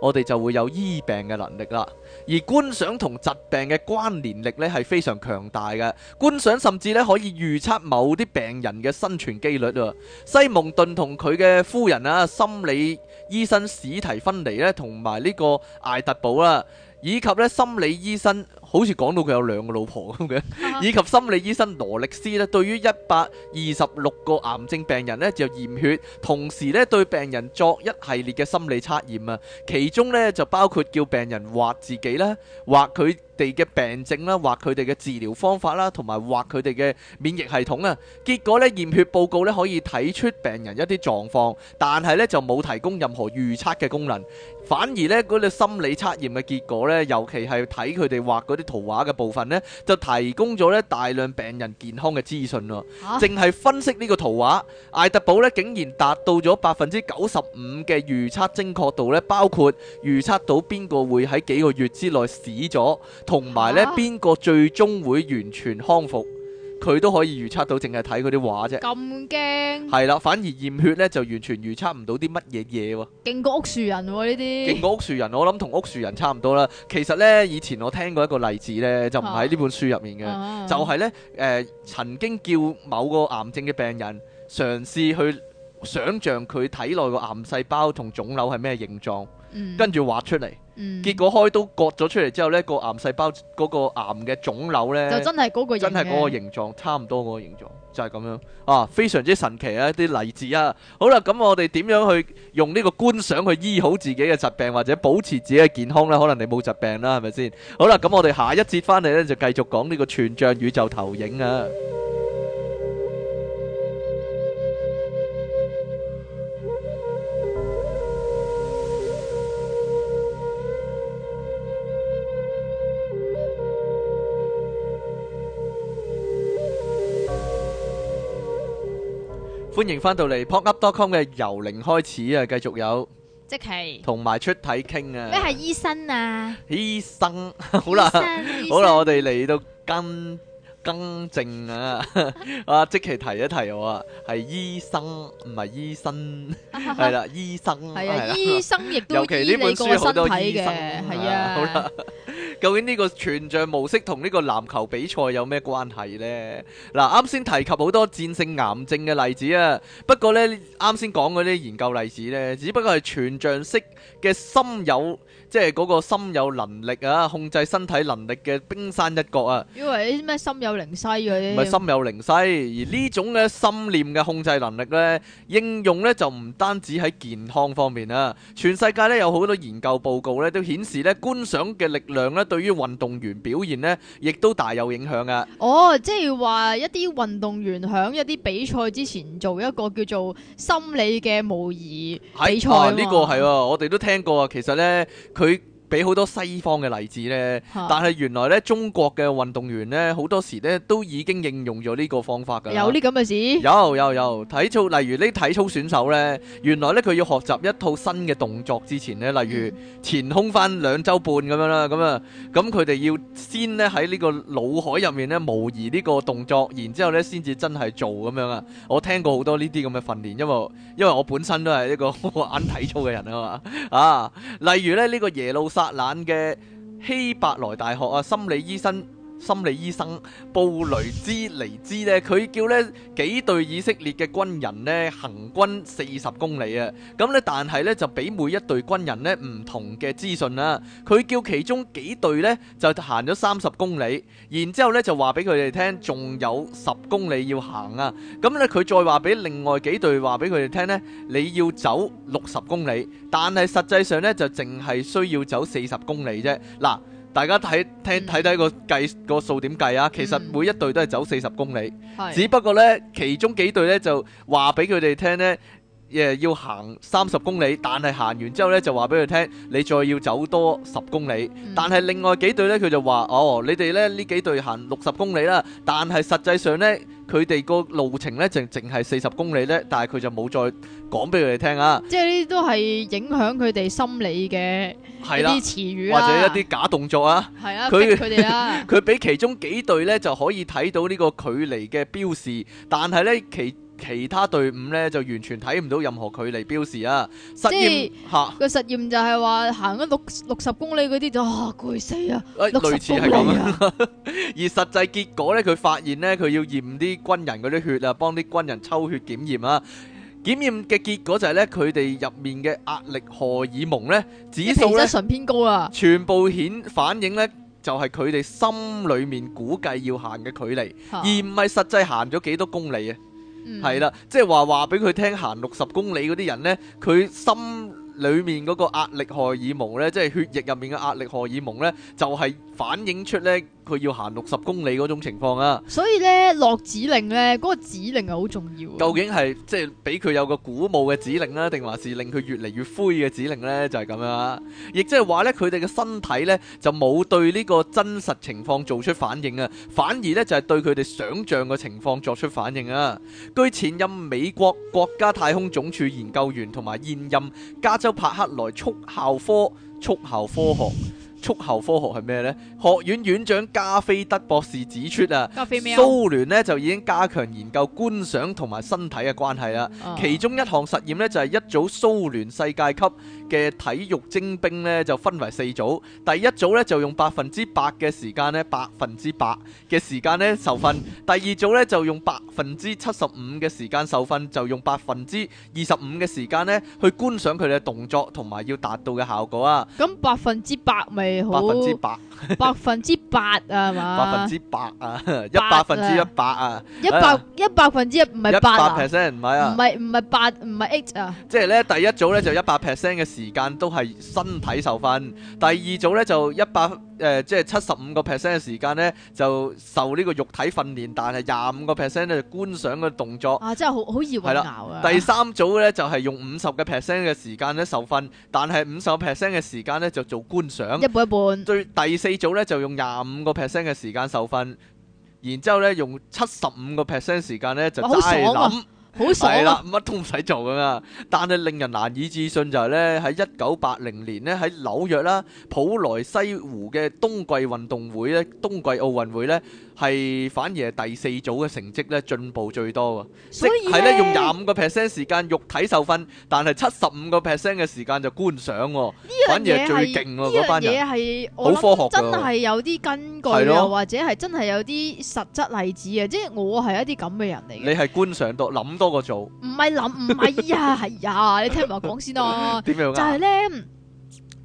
我哋就會有醫病嘅能力啦，而觀想同疾病嘅關聯力呢係非常強大嘅。觀想甚至呢可以預測某啲病人嘅生存機率啊。西蒙頓同佢嘅夫人啊，心理醫生史提芬尼呢，同埋呢個艾特堡啦，以及呢心理醫生。好似講到佢有兩個老婆咁嘅，以及心理醫生羅力斯咧，對於一百二十六個癌症病人咧就驗血，同時咧對病人作一系列嘅心理測驗啊。其中咧就包括叫病人畫自己啦，畫佢哋嘅病症啦，畫佢哋嘅治療方法啦，同埋畫佢哋嘅免疫系統啊。結果咧驗血報告咧可以睇出病人一啲狀況，但係咧就冇提供任何預測嘅功能，反而咧嗰個心理測驗嘅結果咧，尤其係睇佢哋畫嗰啲。圖畫嘅部分呢，就提供咗呢大量病人健康嘅資訊咯。淨係、啊、分析呢個圖畫，艾特寶呢竟然達到咗百分之九十五嘅預測精確度呢，包括預測到邊個會喺幾個月之內死咗，同埋呢邊個最終會完全康復。啊佢都可以預測到，淨係睇佢啲畫啫。咁驚？係啦，反而驗血咧就完全預測唔到啲乜嘢嘢喎。勁過屋樹人喎呢啲。勁過屋樹人，我諗同屋樹人差唔多啦。其實呢，以前我聽過一個例子呢，就唔喺呢本書入面嘅，啊、就係呢誒、呃、曾經叫某個癌症嘅病人嘗試去想像佢體內個癌細胞同腫瘤係咩形狀，嗯、跟住畫出嚟。結果開刀割咗出嚟之後呢，個癌細胞嗰個癌嘅腫瘤呢，就真係嗰個，真係嗰個形狀，差唔多嗰個形狀，就係咁樣啊！非常之神奇啊，啲例子啊，好啦，咁我哋點樣去用呢個觀賞去醫好自己嘅疾病或者保持自己嘅健康呢？可能你冇疾病啦，係咪先？好啦，咁我哋下一節返嚟呢，就繼續講呢個全像宇宙投影啊！歡迎翻到嚟 pop up.com 嘅由零開始啊，繼續有，即係同埋出體傾啊，咩係醫生啊？醫生 好啦，生好啦，生我哋嚟到跟。更正啊！啊，即其提一提我啊，係醫生唔係醫生，係啦，醫生係啊，醫生亦都醫你個身體嘅，係啊。好啦，究竟呢個全像模式同呢個籃球比賽有咩關係咧？嗱，啱先提及好多戰勝癌症嘅例子啊。不過咧，啱先講嗰啲研究例子咧，只不過係全像式嘅心有，即係嗰個心有能力啊，控制身體能力嘅冰山一角啊。因為啲咩心有？靈唔係心有靈犀。而呢種嘅心念嘅控制能力咧，應用咧就唔單止喺健康方面啦，啊。全世界咧有好多研究報告咧都顯示咧，觀賞嘅力量咧對於運動員表現呢亦都大有影響噶。哦，即係話一啲運動員響一啲比賽之前做一個叫做心理嘅模擬比賽。呢，啊呢個係喎，啊，我哋都聽過啊。其實咧，佢。俾好多西方嘅例子咧，但係原來咧中國嘅運動員咧，好多時咧都已經應用咗呢個方法㗎。有啲咁嘅事？有有有，體操例如呢體操選手咧，原來咧佢要學習一套新嘅動作之前咧，例如前空翻兩週半咁樣啦，咁啊，咁佢哋要先咧喺呢個腦海入面咧模擬呢個動作，然之後咧先至真係做咁樣啊。我聽過好多呢啲咁嘅訓練，因為因為我本身都係一個玩 體操嘅人啊嘛，啊，例如咧呢、這個耶路撒。伯蘭嘅希伯來大學啊，心理醫生。心理醫生布雷茲尼茲咧，佢叫咧幾隊以色列嘅軍人咧行軍四十公里啊，咁咧但係咧就俾每一隊軍人咧唔同嘅資訊啦。佢叫其中幾隊咧就行咗三十公里，然之後咧就話俾佢哋聽仲有十公里要行啊。咁咧佢再話俾另外幾隊話俾佢哋聽咧，你要走六十公里，但係實際上咧就淨係需要走四十公里啫。嗱。大家睇睇睇睇個計、個數點計啊！其實每一隊都係走四十公里，嗯、只不過咧，其中幾隊咧就話俾佢哋聽咧。要行三十公里，但係行完之後呢，就話俾佢聽，你再要走多十公，嗯哦、公，公里。但係另外幾隊呢，佢就話哦，你哋咧呢幾隊行六十公里啦。但係實際上呢，佢哋個路程呢，就淨係四十公里呢。但係佢就冇再講俾佢哋聽啊。即係呢啲都係影響佢哋心理嘅一啲詞語，啊啊、或者一啲假動作啊。佢佢俾其中幾隊呢，就可以睇到呢個距離嘅標示，但係呢，其，其他隊伍呢，就完全睇唔到任何距離標示啊！實驗吓個實驗就係話行咗六六十公里嗰啲就啊，攰死啊！哎、公類似係咁，啊、 而實際結果呢，佢發現呢，佢要驗啲軍人嗰啲血啊，幫啲軍人抽血檢驗啊。檢驗嘅結果就係呢，佢哋入面嘅壓力荷爾蒙呢，指數呢，皮質醇偏高啊。全部顯反映呢，就係佢哋心裏面估計要行嘅距離，啊、而唔係實際行咗幾多公里啊。係啦，即係話話俾佢聽，行六十公里嗰啲人咧，佢心裏面嗰個壓力荷爾蒙咧，即係血液入面嘅壓力荷爾蒙咧，就係反映出咧。佢要行六十公里嗰種情況啊！所以咧，落指令咧，嗰、那個指令係好重要。究竟係即係俾佢有個鼓舞嘅指令呢，啊，定還是令佢越嚟越灰嘅指令呢？就係、是，咁樣啊！亦即係話咧，佢哋嘅身體呢，就冇對呢個真實情況做出反應啊，反而呢，就係對佢哋想象嘅情況作出反應啊。據前任美國國家太空總署研究員同埋現任加州柏克萊速效科速效科學。速後科學係咩呢？學院院長加菲德博士指出啊，蘇聯呢就已經加強研究觀想同埋身體嘅關係啦。其中一項實驗呢，就係一組蘇聯世界級。嘅體育精兵咧就分為四組，第一組咧就用百分之百嘅時間咧，百分之百嘅時間咧受訓；第二組咧就用百分之七十五嘅時間受訓，就用百分之二十五嘅時間咧去觀賞佢哋嘅動作同埋要達到嘅效果啊！咁百分之百咪好？百分之百，百分之百啊係嘛？百分之百啊，一百分之一百啊，一百一百分之一唔係一百 percent 唔係啊？唔係唔係八唔係 eight 啊？8，啊即係咧第一組咧就一百 percent 嘅時。時間都係身體受訓，第二組呢，就一百誒、呃，即係七十五個 percent 嘅時間呢，就受呢個肉體訓練，但係廿五個 percent 咧就觀賞嘅動作。啊，真係好好易混淆、啊、第三組呢，就係、是、用五十個 percent 嘅時間呢受訓，但係五十個 percent 嘅時間呢，就做觀賞。一半一半。最第四組呢，就用廿五個 percent 嘅時間受訓，然之後咧用七十五個 percent 時間呢，就齋諗、好爽、啊好使啦，乜 都唔使做噶，但係令人難以置信就係咧，喺一九八零年咧，喺紐約啦，普萊西湖嘅冬季運動會咧，冬季奧運會咧。係反而係第四組嘅成績咧進步最多，啊。所以係咧用廿五個 percent 時間肉體受訓，但係七十五個 percent 嘅時間就觀賞，反而係最勁個嗰班人，好科學，真係有啲根據，或者係真係有啲實質例子啊！即係、就是、我係一啲咁嘅人嚟。你係觀賞多，諗多過做，唔係諗，唔係、 哎、呀，係呀，你聽唔聽我講先啊，點樣就係咧，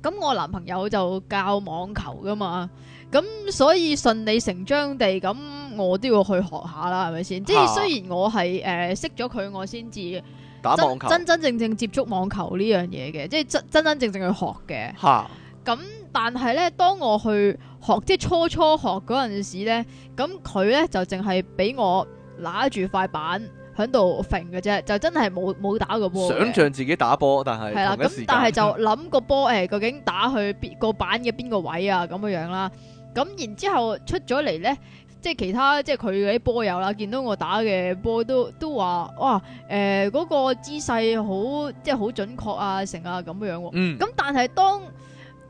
咁我男朋友就教網球噶嘛。咁所以順理成章地咁，我都要去學下啦，係咪先？哈即係雖然我係誒、呃、識咗佢，我先至打網球真真正正接觸網球呢樣嘢嘅，即係真真真正正去學嘅。嚇哈！咁但係咧，當我去學即係初初學嗰陣時咧，咁佢咧就淨係俾我拿住塊板喺度揈嘅啫，就真係冇冇打過波。想像自己打波，但係係啦，咁但係就諗個波誒，究竟打去邊個板嘅邊個位啊咁嘅樣啦。咁然之後出咗嚟咧，即係其他即係佢嗰啲波友啦，見到我打嘅波都都話哇誒嗰、呃嗰個姿勢好即係好準確啊，成啊咁樣喎。咁、嗯、但係當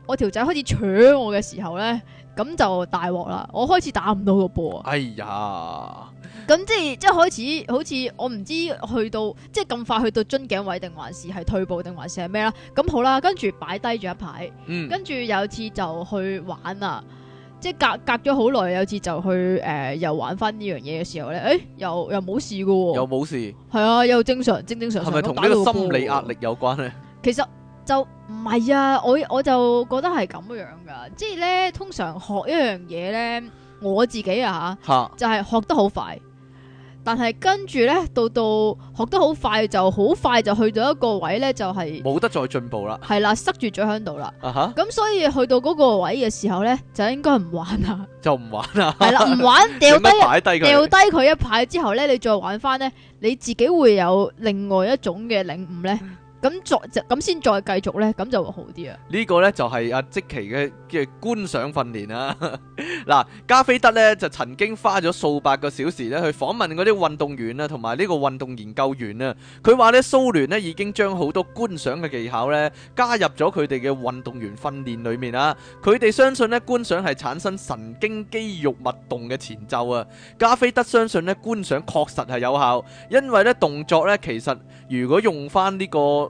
我條仔開始搶我嘅時候咧，咁就大鑊啦！我開始打唔到個波啊！哎呀，咁即係即係開始好似我唔知去到即係咁快去到樽頸位定還是係退步定還是係咩啦？咁好啦，跟住擺低咗一排，跟住有次就去玩啊！即係隔隔咗好耐，有次就去誒、呃、又玩翻呢樣嘢嘅時候咧，誒又又冇事嘅喎，又冇事、啊，係啊，又正常，正正常常，係咪同呢個心理壓力有關咧？其實就唔係啊，我我就覺得係咁樣㗎，即係咧通常學一樣嘢咧，我自己啊嚇，就係學得好快。但係跟住咧，到到學得好快，就好快就去到一個位咧，就係、是、冇得再進步啦。係啦，塞住嘴響度啦。咁、uh huh? 所以去到嗰個位嘅時候咧，就應該唔玩啦。就唔玩啦。係啦，唔玩掉低，擺低佢，掉低佢一排之後咧，你再玩翻咧，你自己會有另外一種嘅領悟咧。 咁再咁先再繼續呢，咁就會好啲啊！呢個呢，就係阿積奇嘅嘅觀賞訓練啦。嗱，加菲德呢，就曾經花咗數百個小時呢去訪問嗰啲運動員啊，同埋呢個運動研究員啊。佢話呢，蘇聯呢已經將好多觀賞嘅技巧呢加入咗佢哋嘅運動員訓練裏面啊。佢哋相信呢，觀賞係產生神經肌肉脈動嘅前奏啊。加菲德相信呢，觀賞確實係有效，因為呢動作呢，其實如果用翻呢個。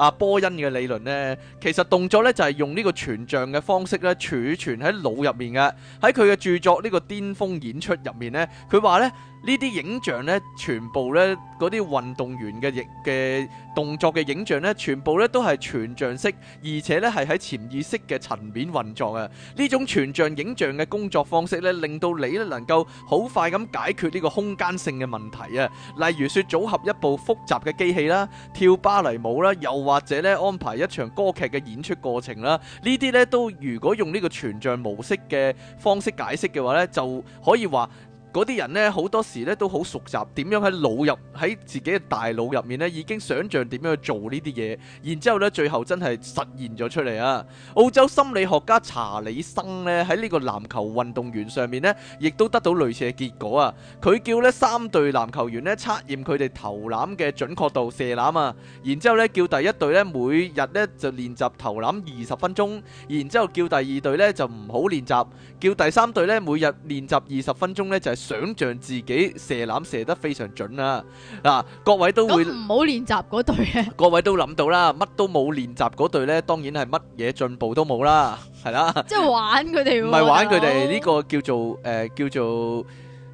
啊、波恩嘅理論呢，其實動作呢就係、是、用呢個全像嘅方式咧儲存喺腦入面嘅。喺佢嘅著作《呢個巔峰演出》入面呢，佢話咧呢啲影像呢，全部呢嗰啲運動員嘅嘅動作嘅影像呢，全部呢都係全像式，而且呢係喺潛意識嘅層面運作啊！呢種全像影像嘅工作方式呢，令到你呢能夠好快咁解決呢個空間性嘅問題啊！例如説組合一部複雜嘅機器啦，跳芭蕾舞啦，又，或者咧安排一場歌劇嘅演出過程啦，呢啲咧都如果用呢個全像模式嘅方式解釋嘅話咧，就可以話。嗰啲人呢，好多時咧都好熟習點樣喺腦入喺自己嘅大腦入面呢已經想像點樣去做呢啲嘢，然之後呢，最後真係實現咗出嚟啊！澳洲心理學家查理生呢，喺呢個籃球運動員上面呢，亦都得到類似嘅結果啊！佢叫呢三隊籃球員呢，測驗佢哋投籃嘅準確度、射籃啊，然之後呢，叫第一隊呢每日呢就練習投籃二十分鐘，然之後叫第二隊呢就唔好練習，叫第三隊呢每日練習二十分鐘呢就係、是。想象自己射籃射得非常準啦、啊！嗱、啊，各位都會唔好練習嗰隊、啊、各位都諗到啦，乜都冇練習嗰隊呢，當然係乜嘢進步都冇啦，係啦、啊。即係玩佢哋、啊。唔係玩佢哋，呢哥個叫做誒、呃、叫做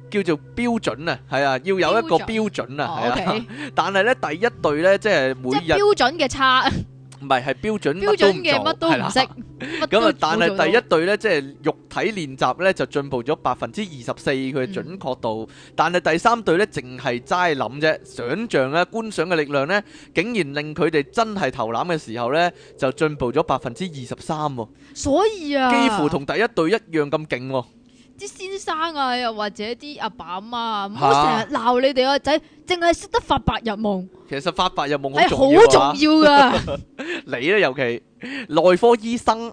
叫做標準啊！係啊，要有一個標準啊！係準啊，哦 okay、但係呢第一隊呢，即係每日標準嘅差。 唔係，係標準嘅，標準嘅乜都唔識。咁啊，但係第一隊咧，即係肉體練習咧，就進步咗百分之二十四佢嘅準確度。但係第三隊咧，淨係齋諗啫，想像啊、觀想嘅力量咧，竟然令佢哋真係投籃嘅時候咧，就進步咗百分之二十三喎。所以啊，幾乎同第一隊一樣咁勁喎。啲先生啊，又或者啲阿爸阿媽啊，唔好成日鬧你哋個仔，淨係識得發白日夢。其實發白日夢係好重要噶、啊。要 你咧，尤其內科醫生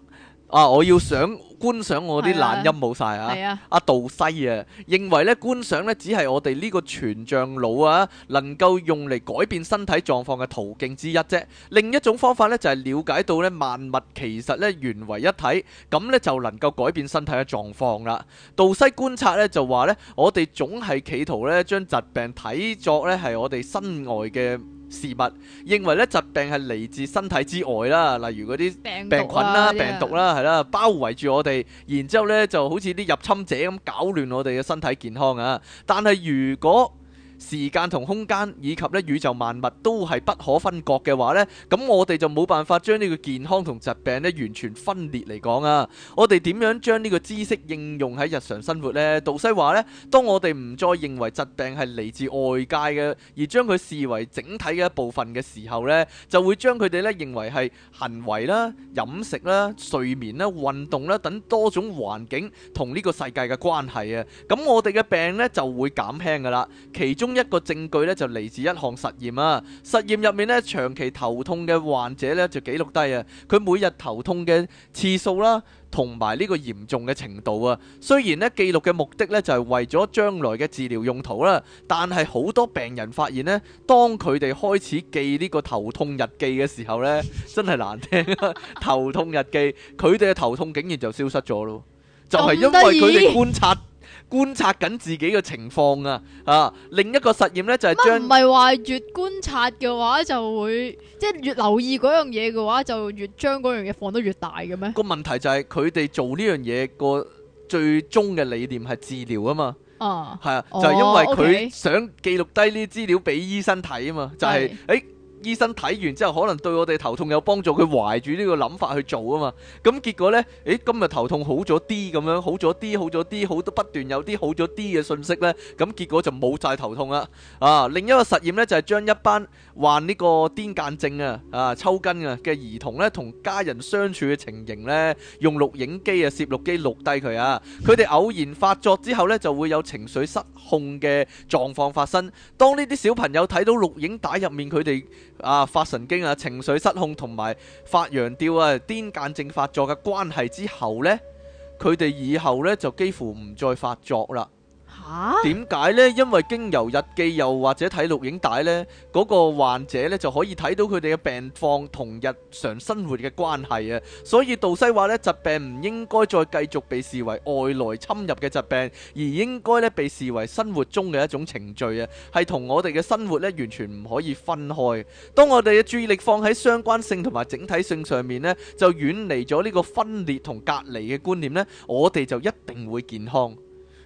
啊，我要想。觀賞我啲懶音冇晒啊！阿道、啊、西啊，認為咧觀賞咧只係我哋呢個全像腦啊，能夠用嚟改變身體狀況嘅途徑之一啫。另一種方法咧就係、是、了解到咧萬物其實咧原為一體，咁咧就能夠改變身體嘅狀況啦。道西觀察咧就話咧，我哋總係企圖咧將疾病睇作咧係我哋身外嘅。事物認為咧，疾病係嚟自身體之外啦，例如嗰啲病菌啦、病毒啦，係啦毒，Yeah. 包圍住我哋，然之後咧就好似啲入侵者咁搞亂我哋嘅身體健康啊！但係如果，時間同空間以及咧宇宙萬物都係不可分割嘅話咧，咁我哋就冇辦法將呢個健康同疾病咧完全分裂嚟講啊！我哋點樣將呢個知識應用喺日常生活咧？杜西話咧，當我哋唔再認為疾病係嚟自外界嘅，而將佢視為整體嘅一部分嘅時候咧，就會將佢哋咧認為係行為啦、飲食啦、睡眠啦、運動啦等多種環境同呢個世界嘅關係啊！咁我哋嘅病咧就會減輕噶啦，其中。其中一個證據咧就嚟自一項實驗啊！實驗入面呢，長期頭痛嘅患者呢，就記錄低啊，佢每日頭痛嘅次數啦，同埋呢個嚴重嘅程度啊。雖然呢，記錄嘅目的呢，就係、是、為咗將來嘅治療用途啦，但係好多病人發現呢，當佢哋開始記呢個頭痛日記嘅時候呢， 真係難聽啊！頭痛日記，佢哋嘅頭痛竟然就消失咗咯，就係、是、因為佢哋觀察。觀察緊自己嘅情況啊！啊，另一個實驗呢，就係將唔係話越觀察嘅話就會即係、就是、越留意嗰樣嘢嘅話就越將嗰樣嘢放得越大嘅咩？個問題就係佢哋做呢樣嘢，個最終嘅理念係治療啊嘛，啊係啊，就係、是、因為佢想記錄低呢資料俾醫生睇啊嘛，就係、是、誒。是欸醫生睇完之後，可能對我哋頭痛有幫助，佢懷住呢個諗法去做啊嘛。咁結果呢，誒今日頭痛好咗啲咁樣，好咗啲，好咗啲，好都不斷有啲好咗啲嘅信息呢。咁結果就冇晒頭痛啦。啊，另一個實驗呢，就係、是、將一班患呢個癲癇症啊啊抽筋啊嘅兒童呢，同家人相處嘅情形呢，用錄影機啊攝錄機錄低佢啊。佢哋偶然發作之後呢，就會有情緒失控嘅狀況發生。當呢啲小朋友睇到錄影帶入面佢哋啊發神經啊情緒失控同埋發羊吊啊癲癇症發作嘅關係之後呢，佢哋以後呢，就幾乎唔再發作啦。點解咧？因為經由日記又或者睇錄影帶咧，嗰個患者咧就可以睇到佢哋嘅病況同日常生活嘅關係啊。所以杜西話咧，疾病唔應該再繼續被視為外來侵入嘅疾病，而應該咧被視為生活中嘅一種程序啊，係同我哋嘅生活咧完全唔可以分開。當我哋嘅注意力放喺相關性同埋整體性上面咧，就遠離咗呢個分裂同隔離嘅觀念咧，我哋就一定會健康。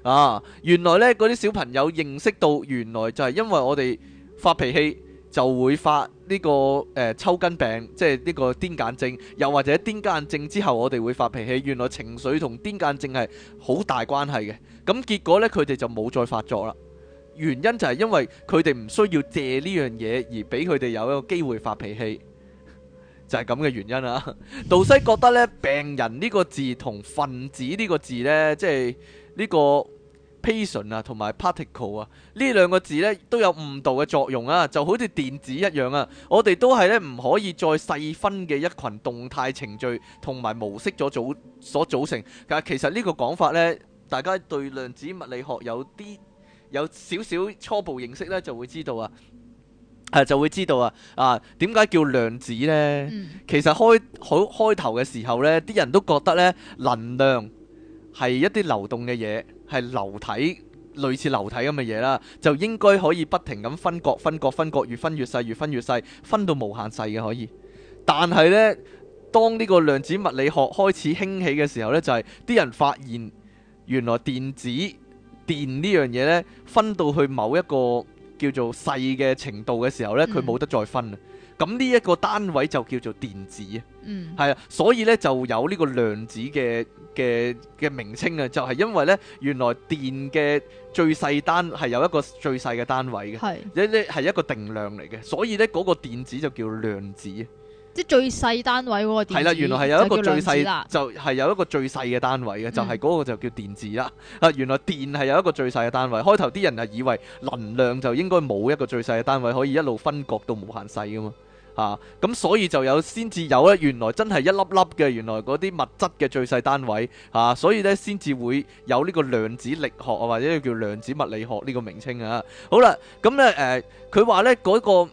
啊，原來呢，嗰啲小朋友認識到原來就係因為我哋發脾氣就會發呢、呢個誒抽筋病，即係呢個癲癇症，又或者癲癇症之後我哋會發脾氣，原來情緒同癲癇症係好大關係嘅。咁結果呢，佢哋就冇再發作啦，原因就係因為佢哋唔需要借呢樣嘢而俾佢哋有一個機會發脾氣，就係咁嘅原因啦、啊。 道西覺得呢，病人呢個字同分子呢個字呢，即係呢、呢個。atom 啊，同埋 particle 啊，呢兩個字呢都有誤導嘅作用啊，就好似電子一樣啊。我哋都係呢唔可以再細分嘅一群動態程序同埋模式所組所組成。但係其實呢個講法呢，大家對量子物理學有啲有少少初步認識呢，就會知道啊，就會知道啊啊點解叫量子呢？嗯、其實開開開頭嘅時候呢，啲人都覺得呢能量係一啲流動嘅嘢。係流體，類似流體咁嘅嘢啦，就應該可以不停咁分割、分割、分割，越分越細、越分越細，分到無限細嘅可以。但係呢，當呢個量子物理學開始興起嘅時候呢，就係、是、啲人發現，原來電子電呢樣嘢呢，分到去某一個叫做細嘅程度嘅時候呢，佢冇得再分啦。咁呢一個單位就叫做電子啊，嗯，係啊，所以呢就有呢個量子嘅嘅嘅名稱啊，就係、是、因為呢，原來電嘅最細單係有一個最細嘅單位嘅，係係是一個定量嚟嘅，所以呢，嗰、那個電子就叫量子，即係最細單位嗰個電子。係啦，原來係有一個最細，就係有一個最細嘅單位嘅，就係、是、嗰個就叫電子啦。啊、嗯，原來電係有一個最細嘅單位。開頭啲人啊，以為能量就應該冇一個最細嘅單位，可以一路分割到無限細噶嘛。啊，咁所以就有先至有咧，原來真係一粒粒嘅，原來嗰啲物質嘅最細單位吓，啊，所以咧先至會有呢個量子力學啊，或者叫量子物理學呢個名稱啊。好啦，咁咧誒佢話咧嗰個。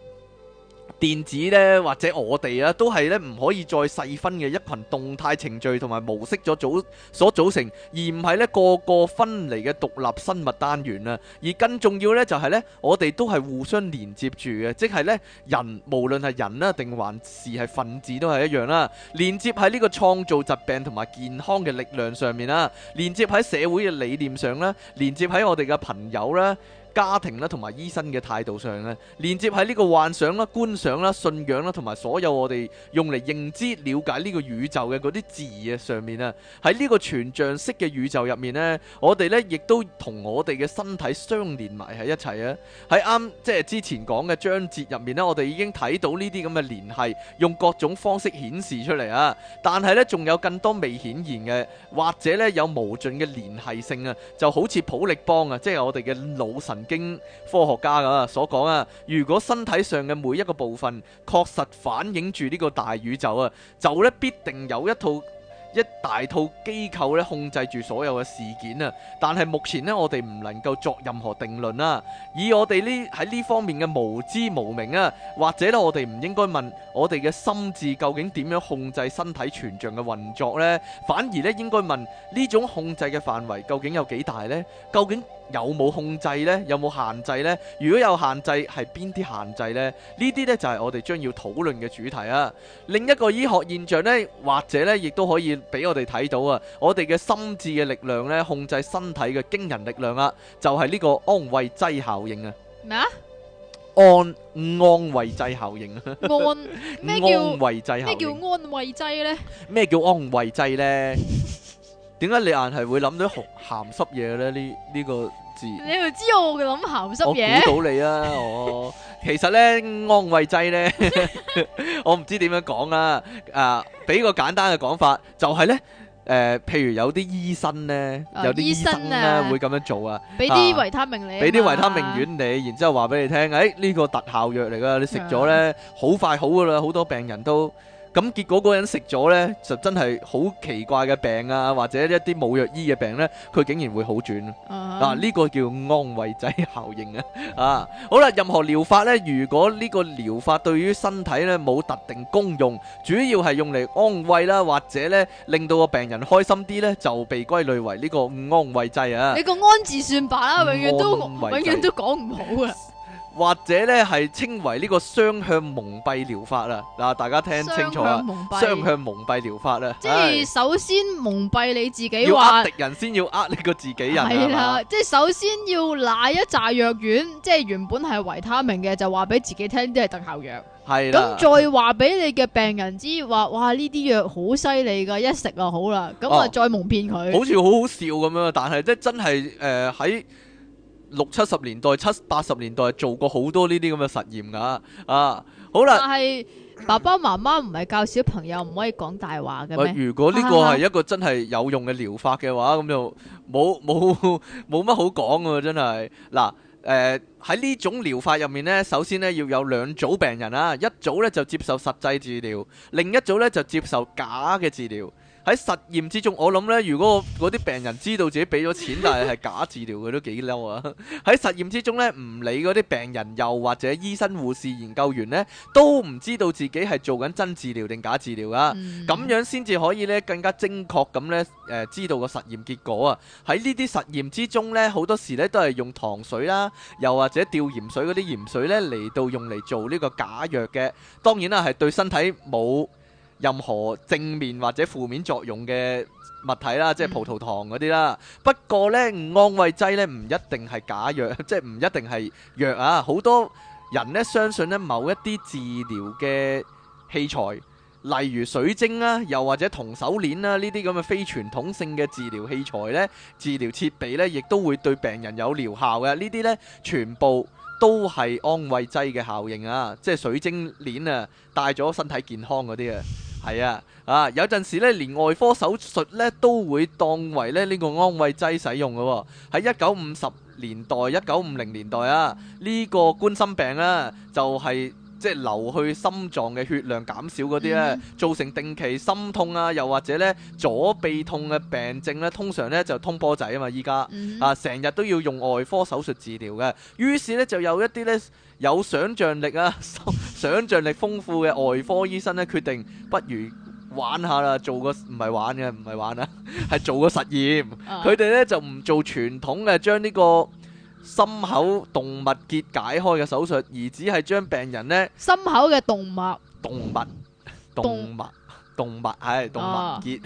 電子呢，或者我哋啊，都係呢唔可以再細分嘅一群動態程序同埋模式所組所組成，而唔係呢個個分離嘅獨立生物單元啊。而更重要呢，就係呢我哋都係互相連接住嘅，即係呢人，無論係人啦，定還是係分子都係一樣啦。連接喺呢個創造疾病同埋健康嘅力量上面啦，連接喺社會嘅理念上啦，連接喺我哋嘅朋友啦，家庭啦，同埋醫生嘅態度上咧，連接喺呢個幻想啦、觀想啦、信仰啦，同埋所有我哋用嚟認知、了解呢個宇宙嘅嗰啲字啊上面啊，喺呢個全像式嘅宇宙入面咧，我哋咧亦都同我哋嘅身體相連埋喺一齊啊！喺啱即係之前講嘅章節入面咧，我哋已經睇到呢啲咁嘅聯繫，用各種方式顯示出嚟啊！但係咧，仲有更多未顯現嘅，或者咧有無盡嘅聯繫性啊，就好似普力邦啊，即係我哋嘅腦神。經科學家咁啊所講啊，如果身體上嘅每一個部分確實反映住呢個大宇宙啊，就呢必定有一套一大套機構呢控制住所有嘅事件啊。但係目前呢，我哋唔能夠作任何定論啊。以我哋呢喺呢方面嘅無知無明啊，或者呢，我哋唔應該問我哋嘅心智究竟點樣控制身體全像嘅運作呢？反而呢，應該問呢種控制嘅範圍究竟有幾大呢？究竟？有冇控制呢？有冇限制呢？如果有限制，係邊啲限制呢？呢啲呢，就係我哋將要討論嘅主題啊！另一個醫學現象呢，或者呢，亦都可以俾我哋睇到啊！我哋嘅心智嘅力量呢，控制身體嘅驚人力量啊！就係呢個安慰劑效應啊！咩啊？安安慰劑效應啊？安 咩叫，叫安慰劑效應？咩叫安慰劑呢？咩叫安慰劑呢？點解你硬係會諗到鹹濕嘢咧？呢呢、這個字？你又知道我諗鹹濕嘢？我估到你啊！我 其實咧安慰劑咧， 我唔知點樣講啦、啊。啊，俾個簡單嘅講法，就係、是、咧，誒、呃，譬如有啲醫生咧，呃、有啲醫生咧、啊、會咁樣做啊，俾啲維他命你，俾啲維他命丸你，然之後話俾你聽，誒、哎，呢、這個特效藥嚟噶，你食咗咧，好、嗯、快好噶啦，好多病人都。咁結果嗰人食咗咧，就真係好奇怪嘅病啊，或者一啲冇藥醫嘅病咧，佢竟然會好轉。嗱，呢個叫安慰劑效應啊！啊，好啦，任何療法咧，如果呢個療法對於身體咧冇特定功用，主要係用嚟安慰啦，或者咧令到個病人開心啲咧，就被歸類為呢個安慰劑啊。你個安字算吧啦，永遠都永遠都講唔好啊！或者咧係稱為呢個雙向蒙蔽療法啦，嗱，大家聽清楚啊！雙向蒙蔽療法啦，即係首先蒙蔽你自己，要呃敵人先要呃你個自己人，係啦的，吧即係首先要拿一扎藥丸，即係原本係維他命嘅，就話俾自己聽即係特效藥，係咁的再話俾你嘅病人知，話哇呢啲藥好犀利噶，一食就好啦，咁啊再蒙騙佢、哦，好似好好笑咁樣，但係即係真係誒喺。呃六七十年代、七八十年代做過好多呢啲咁嘅實驗㗎，啊，好啦，但係爸爸媽媽唔係教小朋友唔可以講大話嘅咩？如果呢個係一個真係有用嘅療法嘅話，咁 就冇冇乜好講喎，真係嗱，誒喺呢種療法入面呢，首先呢要有兩組病人啦、啊，一組呢就接受實際治療，另一組呢就接受假嘅治療。喺實驗之中，我諗呢，如果嗰啲病人知道自己俾咗錢， 但係係假治療，佢都幾嬲啊！喺 實驗之中呢，唔理嗰啲病人又或者醫生、護士、研究員呢，都唔知道自己係做緊真治療定假治療啊！咁、嗯、樣先至可以呢，更加精確咁呢，誒、呃、知道個實驗結果啊！喺呢啲實驗之中呢，好多時呢，都係用糖水啦，又或者吊鹽水嗰啲鹽水呢，嚟到用嚟做呢個假藥嘅。當然啦，係對身體冇任何正面或者負面作用嘅物體啦，即係葡萄糖嗰啲啦。不過呢，安慰劑呢，唔一定係假藥，即係唔一定係藥啊。好多人呢，相信呢某一啲治療嘅器材，例如水晶啊，又或者銅手鏈啦，呢啲咁嘅非傳統性嘅治療器材呢，治療設備呢亦都會對病人有療效嘅。呢啲呢全部。都係安慰劑嘅效應啊！即係水晶鏈啊，帶咗身體健康嗰啲啊，係啊啊！有陣時呢，連外科手術呢都會當為咧呢個安慰劑使用嘅。喺一九五十年代、一九五零年代啊，呢個冠心病啊，就係。即係流去心臟嘅血量減少嗰啲咧，mm hmm. 造成定期心痛啊，又或者咧左臂痛嘅病症咧，通常咧就通波仔啊嘛，依家、mm hmm. 啊成日都要用外科手術治療嘅，於是咧就有一啲咧有想像力啊， 想像力豐富嘅外科醫生咧，決定不如玩下啦，做個唔係玩嘅，唔係玩啊，係 做個實驗，佢哋咧就唔做傳統嘅，將呢、呢個。心口動物結解開嘅手術，而只係將病人呢心口嘅動脈、動物動物動物，係動物、啊、動物結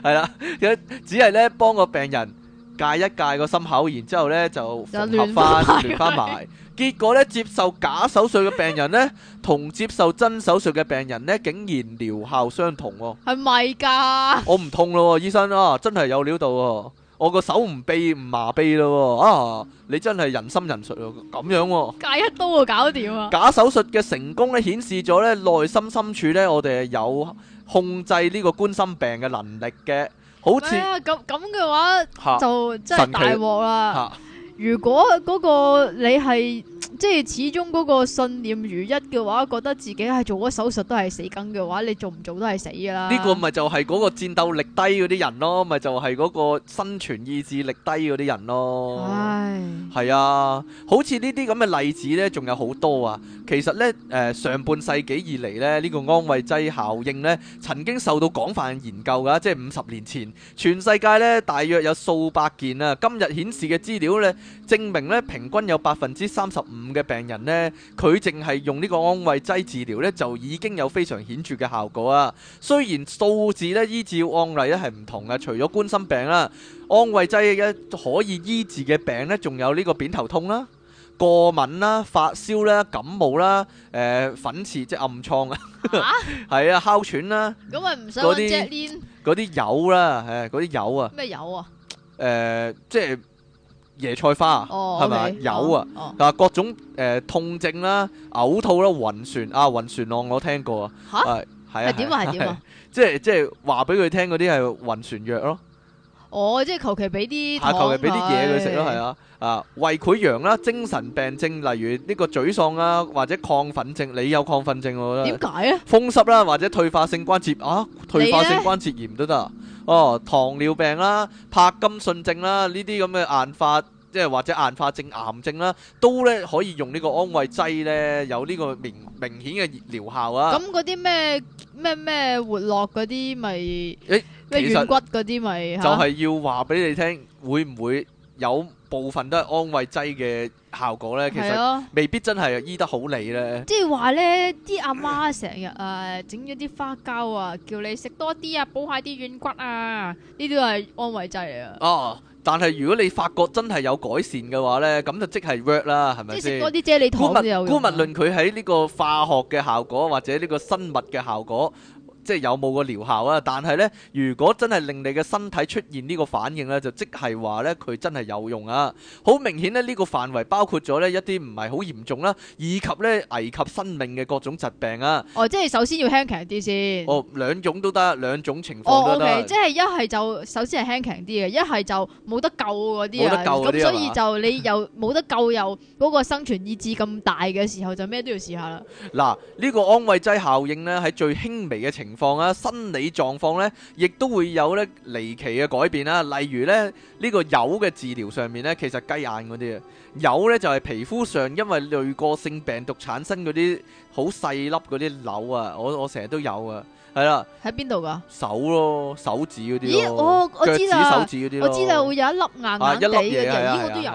係啦， 只係呢幫個病人解一解個心口，然之後呢就縫合翻、連翻埋。 結果呢接受假手術嘅病人呢同 接受真手術嘅病人呢竟然療效相同哦。係咪噶？ 我唔痛咯，醫生啊，真係有料到哦。我個手唔痹唔麻痹咯啊！你真係仁心仁術咯，咁樣喎、啊。戒一刀就搞掂啊！假手術嘅成功咧，顯示咗咧內心深處咧，我哋係有控制呢個冠心病嘅能力嘅，好似咁咁嘅話哈就真係大鑊啦。如果嗰個你係。即係始終嗰個信念如一嘅話，覺得自己係做咗手術都係死梗嘅話，你做唔做都係死噶啦。呢個咪就係嗰個戰鬥力低嗰啲人咯，咪就係嗰個生存意志力低嗰啲人咯。唉，係啊，好似呢啲咁嘅例子呢，仲有好多啊。其實呢，誒、呃、上半世紀以嚟呢，呢、呢個安慰劑效應呢曾經受到廣泛研究㗎，即係五十年前，全世界呢，大約有數百件啊。今日顯示嘅資料呢，證明呢，平均有百分之三十五。嘅病人咧，佢淨係用呢個安慰劑治療咧，就已經有非常顯著嘅效果啊！雖然數字咧醫治案例咧係唔同嘅，除咗冠心病啦，安慰劑嘅可以醫治嘅病咧，仲有呢個偏頭痛啦、過敏啦、發燒啦、感冒啦、誒粉刺即暗瘡啊，係啊，哮喘啦，咁啊唔使我 Jacklin 嗰啲油啦，誒嗰啲油啊咩油啊？誒，即係。椰菜花啊，係咪有啊？嗱，各種誒痛症啦、嘔吐啦、暈船啊、暈船浪我聽過啊，係係啊係點啊？即係即係話俾佢聽嗰啲係暈船藥咯。哦，即係求其俾啲下求其俾啲嘢佢食咯，係啊啊胃潰瘍啦、精神病症，例如呢個沮喪啊，或者亢奮症。你有亢奮症，我覺得點解啊？風濕啦，或者退化性關節啊，退化性關節炎都得？哦，糖尿病啦、柏金遜症啦，呢啲咁嘅硬化，即係或者硬化症、癌症啦，都咧可以用呢個安慰劑咧，有呢個明明顯嘅療效啊。咁嗰啲咩咩咩活絡嗰啲咪？誒、欸，軟骨嗰啲咪？就係要話俾你聽，會唔會有？部分都係安慰劑嘅效果咧，其實未必真係醫得好你咧。即係話咧，啲阿媽成日誒整咗啲花膠啊，叫你食多啲啊，補下啲軟骨啊，呢啲都係安慰劑嚟啊。哦，但係如果你發覺真係有改善嘅話咧，咁就即係 work 啦，係咪先？即係食多啲啫喱糖都有。姑勿姑勿論，佢喺呢個化學嘅效果，或者呢個生物嘅效果。即係有冇個療效啊？但係呢，如果真係令你嘅身體出現呢個反應呢，就即係話呢，佢真係有用啊！好明顯呢，呢個範圍包括咗呢一啲唔係好嚴重啦，以及呢危及生命嘅各種疾病啊！哦，即係首先要輕強啲先。哦，兩種都得，兩種情況都得。哦，OK，即係一係就首先係輕強啲嘅，一係就冇得救嗰啲啊！冇得救。咁所以就你又冇得救又嗰個生存意志咁大嘅時候，就咩都要試下啦。嗱，呢個安慰劑效應呢，喺最輕微嘅情況況啦，生理狀況咧，亦都會有咧離奇嘅改變啦。例如咧，呢、這個有嘅治療上面咧，其實雞眼嗰啲啊，有咧就係、是、皮膚上因為濾過性病毒產生嗰啲好細粒嗰啲瘤啊，我我成日都有啊。係啦，喺邊度噶手咯，手指嗰啲我知，手指手指嗰啲我知道我會有一粒眼，硬硬地嘅嘢，呢個都有。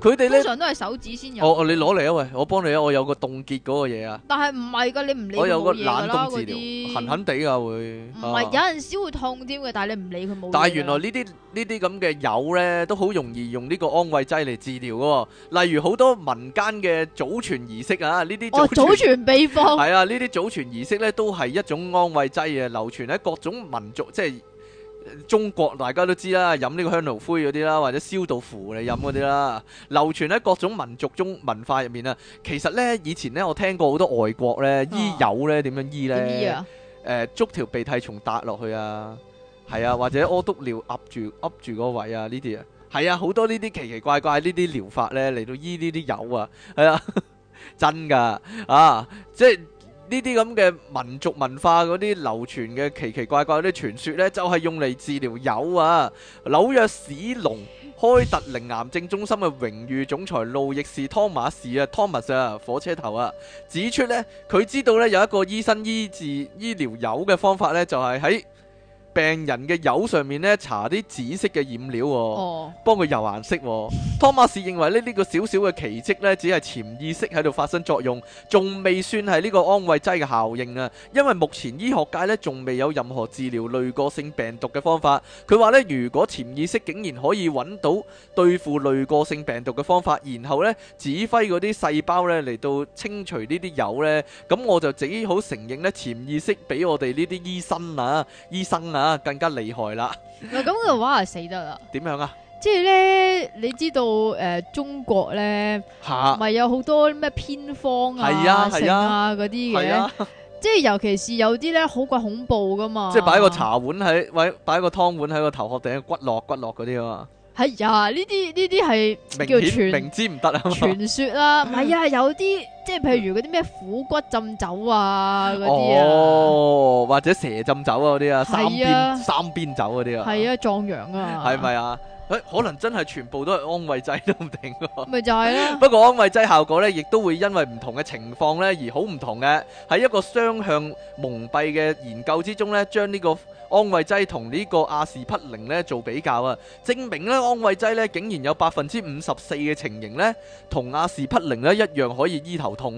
佢哋通常都係手指先有。哦，你攞嚟啊喂，我幫你啊，我有個凍結嗰個嘢啊。但係唔係噶，你唔理。我有個冷凍治療，痕痕地啊，會。唔係，有陣時會痛添嘅，但係你唔理佢冇。但係原來呢啲呢啲咁嘅有咧，都好容易用呢個安慰劑嚟治療噶。例如好多民間嘅祖傳儀式啊，呢啲哦祖傳秘方係啊，呢啲祖傳儀式咧都係一種安慰。係啊！流傳喺各種民族，即係、呃、中國，大家都知啦，飲呢個香爐灰嗰啲啦，或者消毒符嚟飲嗰啲啦， 流傳喺各種民族中文化入面啊。其實呢，以前呢，我聽過好多外國呢醫友呢點樣醫呢？誒、啊呃，捉條鼻涕蟲搭落去啊，係啊，或者屙督尿噏住噏住個位啊，呢啲啊，係啊，好多呢啲奇奇怪怪呢啲療法呢嚟到醫呢啲友啊，係啊， 真噶啊，即係。呢啲咁嘅民族文化嗰啲流傳嘅奇奇怪怪啲傳說呢，就係用嚟治療疣啊！紐約史隆開特靈癌症中心嘅榮譽總裁路易士湯馬士啊，Thomas 啊，火車頭啊，指出呢，佢知道呢有一個醫生醫治醫療疣嘅方法呢，就係喺病人嘅疣上面咧，搽啲紫色嘅染料哦，oh. 哦幫佢油顏色。托馬士認為呢、這個、小小呢個少少嘅奇迹咧，只係潛意識喺度發生作用，仲未算係呢個安慰劑嘅效應啊！因為目前醫學界咧，仲未有任何治療濾過性病毒嘅方法。佢話咧，如果潛意識竟然可以揾到對付濾過性病毒嘅方法，然後咧指揮嗰啲細胞咧嚟到清除呢啲疣咧，咁我就只好承認咧，潛意識俾我哋呢啲醫生啊，醫生啊。啊，更加厲害啦！咁嘅話係死得啦！點樣啊？即係咧，你知道誒、呃、中國咧，嚇咪、啊、有好多咩偏方啊、係啊係啊嗰啲嘅，啊啊啊、即係尤其是有啲咧好鬼恐怖噶嘛！即係擺個茶碗喺，或者擺個湯碗喺個頭殼頂，骨落骨落嗰啲啊嘛～係、哎、呀，呢啲呢啲係叫傳明，明知唔得啊，傳說啦，唔係呀，有啲即係譬如嗰啲咩虎骨浸酒啊嗰啲啊、哦，或者蛇浸酒啊嗰啲啊，三鞭三鞭酒嗰啲啊，係啊，壯陽啊，係咪啊？可能真係全部都係安慰劑都唔定、 啊，咪就係啊。不過安慰劑效果呢，亦都會因為唔同嘅情況呢，而好唔同嘅。喺一個雙向蒙蔽嘅研究之中呢，將呢個安慰劑同呢個阿士匹靈呢做比較啊，證明呢安慰劑呢竟然有百分之五十四嘅情形呢，同阿士匹靈呢一樣可以醫頭痛。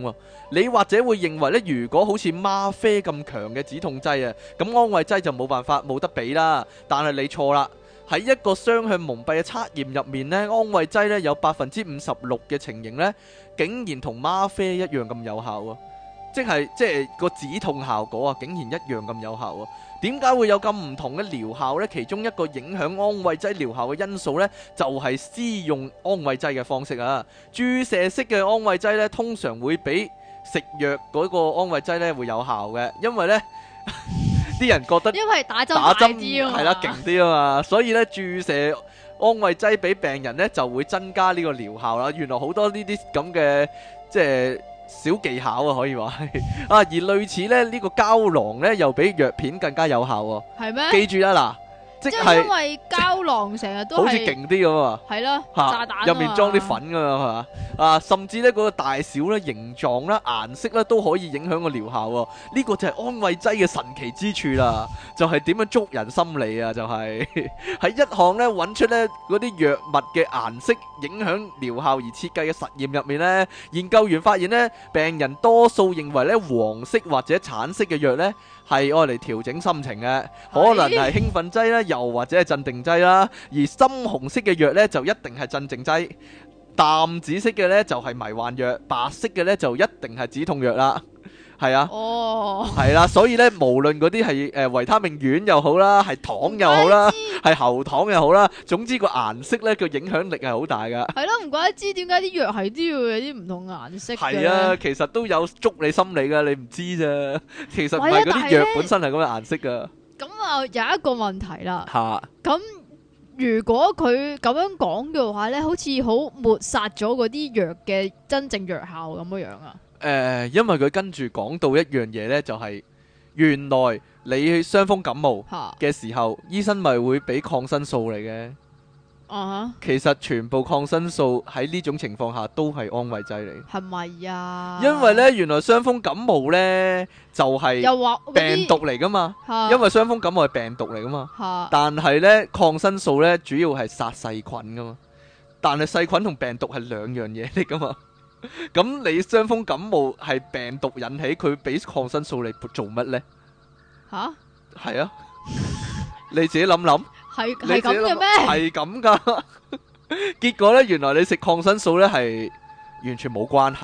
你或者會認為呢，如果好似嗎啡咁強嘅止痛劑啊，咁安慰劑就冇辦法冇得比啦。但係你錯啦。喺一個雙向蒙蔽嘅測驗入面呢，安慰劑呢有百分之五十六嘅情形呢，竟然同嗎啡一樣咁有效喎，即係即係個止痛效果啊，竟然一樣咁有效喎，點解會有咁唔同嘅療效呢？其中一個影響安慰劑療效嘅因素呢，就係施用安慰劑嘅方式啊，注射式嘅安慰劑呢，通常會比食藥嗰個安慰劑呢會有效嘅，因為呢。 啲人覺得，因為打針係啦針，勁啲啊嘛，所以咧注射安慰劑俾病人咧就會增加呢個療效啦。原來好多呢啲咁嘅即係小技巧啊，可以話係 啊。而類似咧呢、呢個膠囊咧，又比藥片更加有效喎、啊。係咩嗎？記住啦，嗱、呃。即係因為膠囊成日都好似勁啲咁啊，係咯，炸彈彈入、啊、面裝啲粉噶嘛，係啊，甚至呢嗰、那個大小咧、形狀啦、顏色咧都可以影響個療效喎、哦。呢、這個就係安慰劑嘅神奇之處啦， 就係點樣捉人心理啊，就係、是、喺 一項咧揾出咧嗰啲藥物嘅顏色影響療效而設計嘅實驗入面咧，研究員發現咧病人多數認為咧黃色或者橙色嘅藥咧。係愛嚟調整心情嘅，可能係興奮劑啦，又或者係鎮定劑啦。而深紅色嘅藥呢，就一定係鎮靜劑，淡紫色嘅呢，就係迷幻藥，白色嘅呢，就一定係止痛藥啦。係啊，係啦、oh. 啊，所以咧，無論嗰啲係誒維他命丸又好啦，係糖又好啦，係喉糖又好啦，總之個顏色咧個影響力係好大噶。係咯、啊，唔怪得知點解啲藥係都要有啲唔同顏色。係啊，其實都有捉你心理噶，你唔知啫。其實唔係嗰啲藥本身係咁嘅顏色噶。咁啊，有一個問題啦。吓、啊。咁如果佢咁樣講嘅話咧，好似好抹殺咗嗰啲藥嘅真正藥效咁樣樣啊？誒，因為佢跟住講到一樣嘢咧，就係原來你去傷風感冒嘅時候，醫生咪會俾抗生素嚟嘅。啊，其實全部抗生素喺呢種情況下都係安慰劑嚟。係咪啊？因為咧，原來傷風感冒咧就係病毒嚟噶嘛，因為傷風感冒係病毒嚟噶嘛。吓，但係咧抗生素咧主要係殺細菌噶嘛，但係細菌同病毒係兩樣嘢嚟噶嘛。咁你傷風感冒係病毒引起，佢俾抗生素嚟做乜呢？吓，係啊，啊 你自己諗諗，係係咁嘅咩？係咁噶，這 結果呢，原來你食抗生素呢係完全冇關係，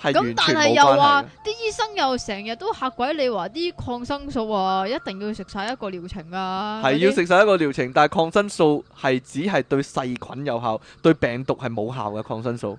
係完全冇關係，咁但係又話啲醫生又成日都吓鬼你話啲抗生素啊，一定要食晒一個療程噶、啊，係是些要食晒一個療程，但係抗生素係只係對細菌有效，對病毒係冇效嘅抗生素。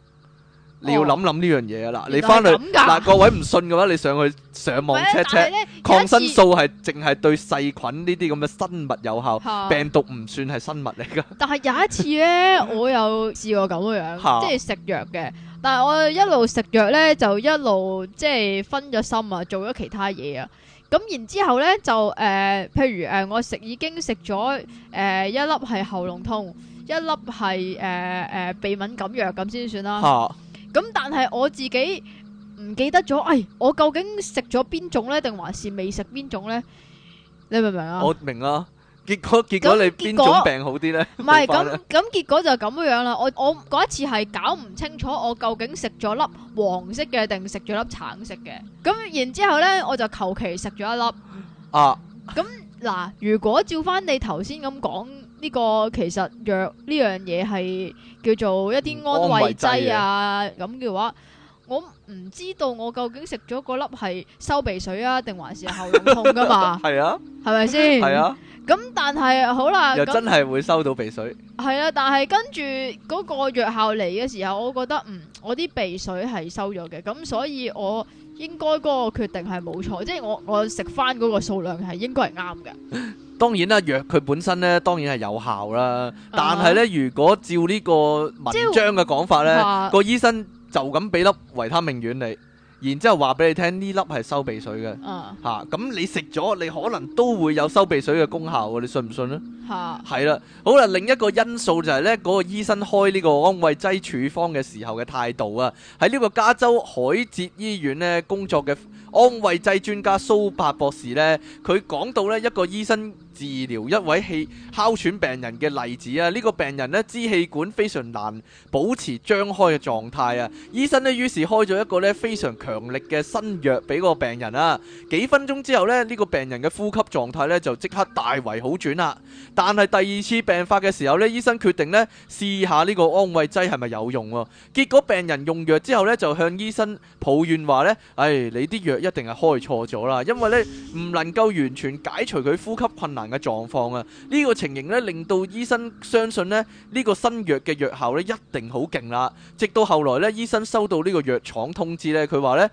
你要諗諗呢樣嘢啊啦！你翻去嗱，各位唔信嘅話，你上去上網 check check，抗生素係淨係對細菌呢啲咁嘅生物有效，病毒唔算係生物嚟噶。但係有一次咧，我有試過咁嘅樣，即係食藥嘅。但係我一路食藥咧，就一路即係分咗心啊，做咗其他嘢啊。咁然之後咧就誒，譬如誒，我食已經食咗誒一粒係喉嚨痛，一粒係誒誒鼻敏感藥咁先算啦。咁但係我自己唔記得咗，哎，我究竟食咗邊種呢，定還是未食邊種呢？你明唔明啊？我明啊！結果結果你邊種病好啲呢？唔係咁咁，結果就咁樣啦。我我嗰一次係搞唔清楚，我究竟食咗粒黃色嘅定食咗粒橙色嘅。咁然之後呢，我就求其食咗一粒。啊！咁嗱，如果照翻你頭先咁講。呢個其實藥呢樣嘢係叫做一啲安慰劑啊，咁嘅話，我唔知道我究竟食咗嗰粒係收鼻水啊，定還是喉嚨痛噶嘛？係 啊，係咪先？係啊，咁但係好啦，又真係會收到鼻水。係啊，但係跟住嗰個藥效嚟嘅時候，我覺得嗯，我啲鼻水係收咗嘅，咁所以我應該嗰個決定係冇錯，即係我我食翻嗰個數量係應該係啱嘅。 當然啦，藥佢本身咧當然係有效啦，啊、但係咧如果照呢個文章嘅講法咧，啊、個醫生就咁俾粒維他命丸你，然之後話俾你聽呢粒係收鼻水嘅，嚇咁、啊啊、你食咗你可能都會有收鼻水嘅功效，你信唔信咧？嚇係啦，好啦，另一個因素就係咧嗰個醫生開呢個安慰劑處方嘅時候嘅態度啊，喺呢個加州海捷醫院咧工作嘅安慰劑專家蘇伯伯博士咧，佢講到咧一個醫生治療一位氣哮喘病人嘅例子啊，呢個病人呢支氣管非常難保持張開嘅狀態啊，醫生呢於是開咗一個呢非常強力嘅新藥俾個病人啊，幾分鐘之後呢，呢個病人嘅呼吸狀態呢就即刻大為好轉啦。但係第二次病發嘅時候呢，醫生決定呢試下呢個安慰劑係咪有用喎？結果病人用藥之後呢，就向醫生抱怨話呢，唉，你啲藥一定係開錯咗啦，因為呢唔能夠完全解除佢呼吸困難。嘅狀況啊，呢個情形咧，令到醫生相信咧，呢個新藥嘅藥效咧一定好勁啦。直到後來咧，醫生收到呢個藥廠通知咧，佢話咧。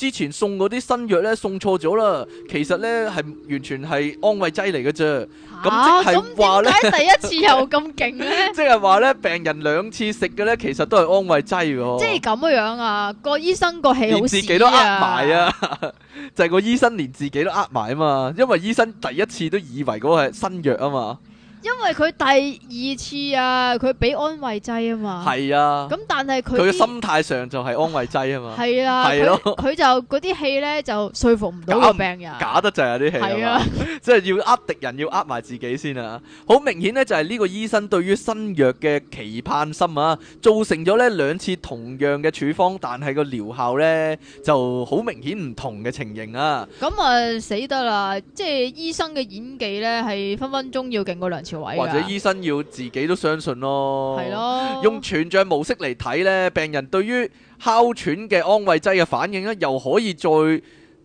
之前送嗰啲新藥咧，送錯咗啦，其實咧係完全係安慰劑嚟嘅啫。咁、啊、即係話咧，第一次又咁勁咧，即係話咧，病人兩次食嘅咧，其實都係安慰劑喎。即係咁嘅樣啊，個醫生個氣好、啊，連自己都呃埋啊， 就係個醫生連自己都呃埋啊嘛，因為醫生第一次都以為嗰個係新藥啊嘛。因為佢第二次啊，佢俾安慰劑啊嘛。係啊。咁但係佢佢嘅心態上就係安慰劑啊嘛。係啊。係咯。佢就嗰啲戲咧就說服唔到個病人，啊。假得滯啊啲戲。係啊。即係是、啊、 要呃敵人，要呃埋自己先啊！好明顯咧，就係呢個醫生對於新藥嘅期盼心啊，造成咗呢兩次同樣嘅處方，但係個療效咧就好明顯唔同嘅情形啊。咁啊死得啦！即係醫生嘅演技咧，係分分鐘要勁過兩次。或者醫生要自己都相信咯，咯，用全像模式嚟睇，呢病人對於哮喘嘅安慰劑嘅反應咧，又可以再。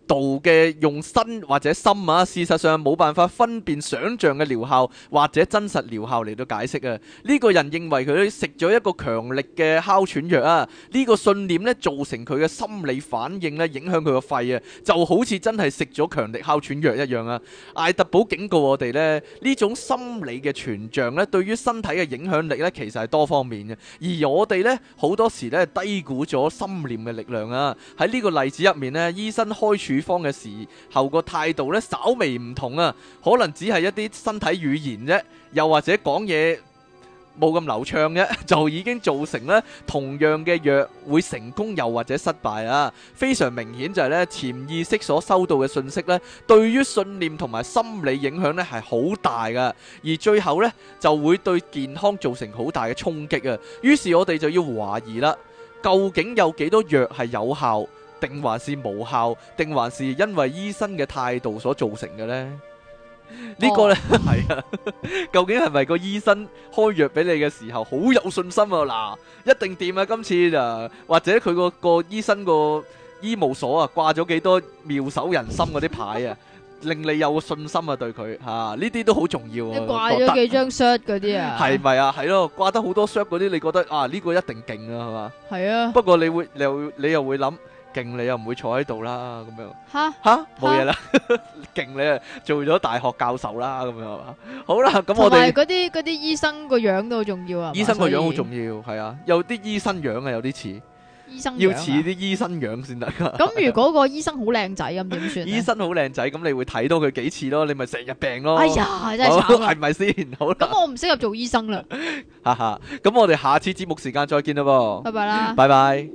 度嘅用身或者心啊，事實上冇辦法分辨想象嘅療效或者真實療效嚟到解釋啊！呢個人認為佢食咗一個強力嘅哮喘藥啊，呢個信念咧造成佢嘅心理反應咧影響佢個肺啊，就好似真係食咗強力哮喘藥一樣啊！艾特保警告我哋咧，呢種心理嘅全像咧對於身體嘅影響力咧其實係多方面嘅，而我哋咧好多時咧低估咗心念嘅力量啊！喺呢個例子入面咧，醫生開處。處方嘅時候個態度咧，稍微唔同啊，可能只係一啲身體語言啫，又或者講嘢冇咁流暢嘅，就已經造成咧同樣嘅藥會成功又或者失敗啊。非常明顯就係咧潛意識所收到嘅信息咧，對於信念同埋心理影響咧係好大噶，而最後咧就會對健康造成好大嘅衝擊啊。於是我哋就要懷疑啦，究竟有幾多藥係有效？定還是無效？定還是因為醫生嘅態度所造成嘅咧？呢個咧係啊，究竟係咪個醫生開藥俾你嘅時候好有信心啊？嗱，一定掂啊！今次就或者佢個個醫生個醫務所啊掛咗幾多妙手仁心嗰啲牌啊，令你有個信心啊對佢吓，呢啲都好重要啊！你掛咗幾張 shirt 嗰啲啊？係咪啊？係咯，掛得好多 shirt 嗰啲，你覺得啊呢個一定勁啊係嘛？係啊。不過你會你又你又會諗。勁你又唔會坐喺度啦，咁樣吓吓冇嘢啦，勁你啊做咗大學教授啦，咁樣係嘛？好啦，咁我哋同埋嗰啲嗰啲醫生個樣都好重要啊，醫生個樣好重要，係啊，有啲醫生樣啊，有啲似醫生要似啲醫生樣先得噶。咁如果個醫生好靚仔咁點算？醫生好靚仔咁，你會睇多佢幾次咯，你咪成日病咯。哎呀，真係慘啊！係咪先？好啦，咁我唔適合做醫生啦。哈哈，咁我哋下次節目時間再見啦，啵。拜拜啦，拜拜。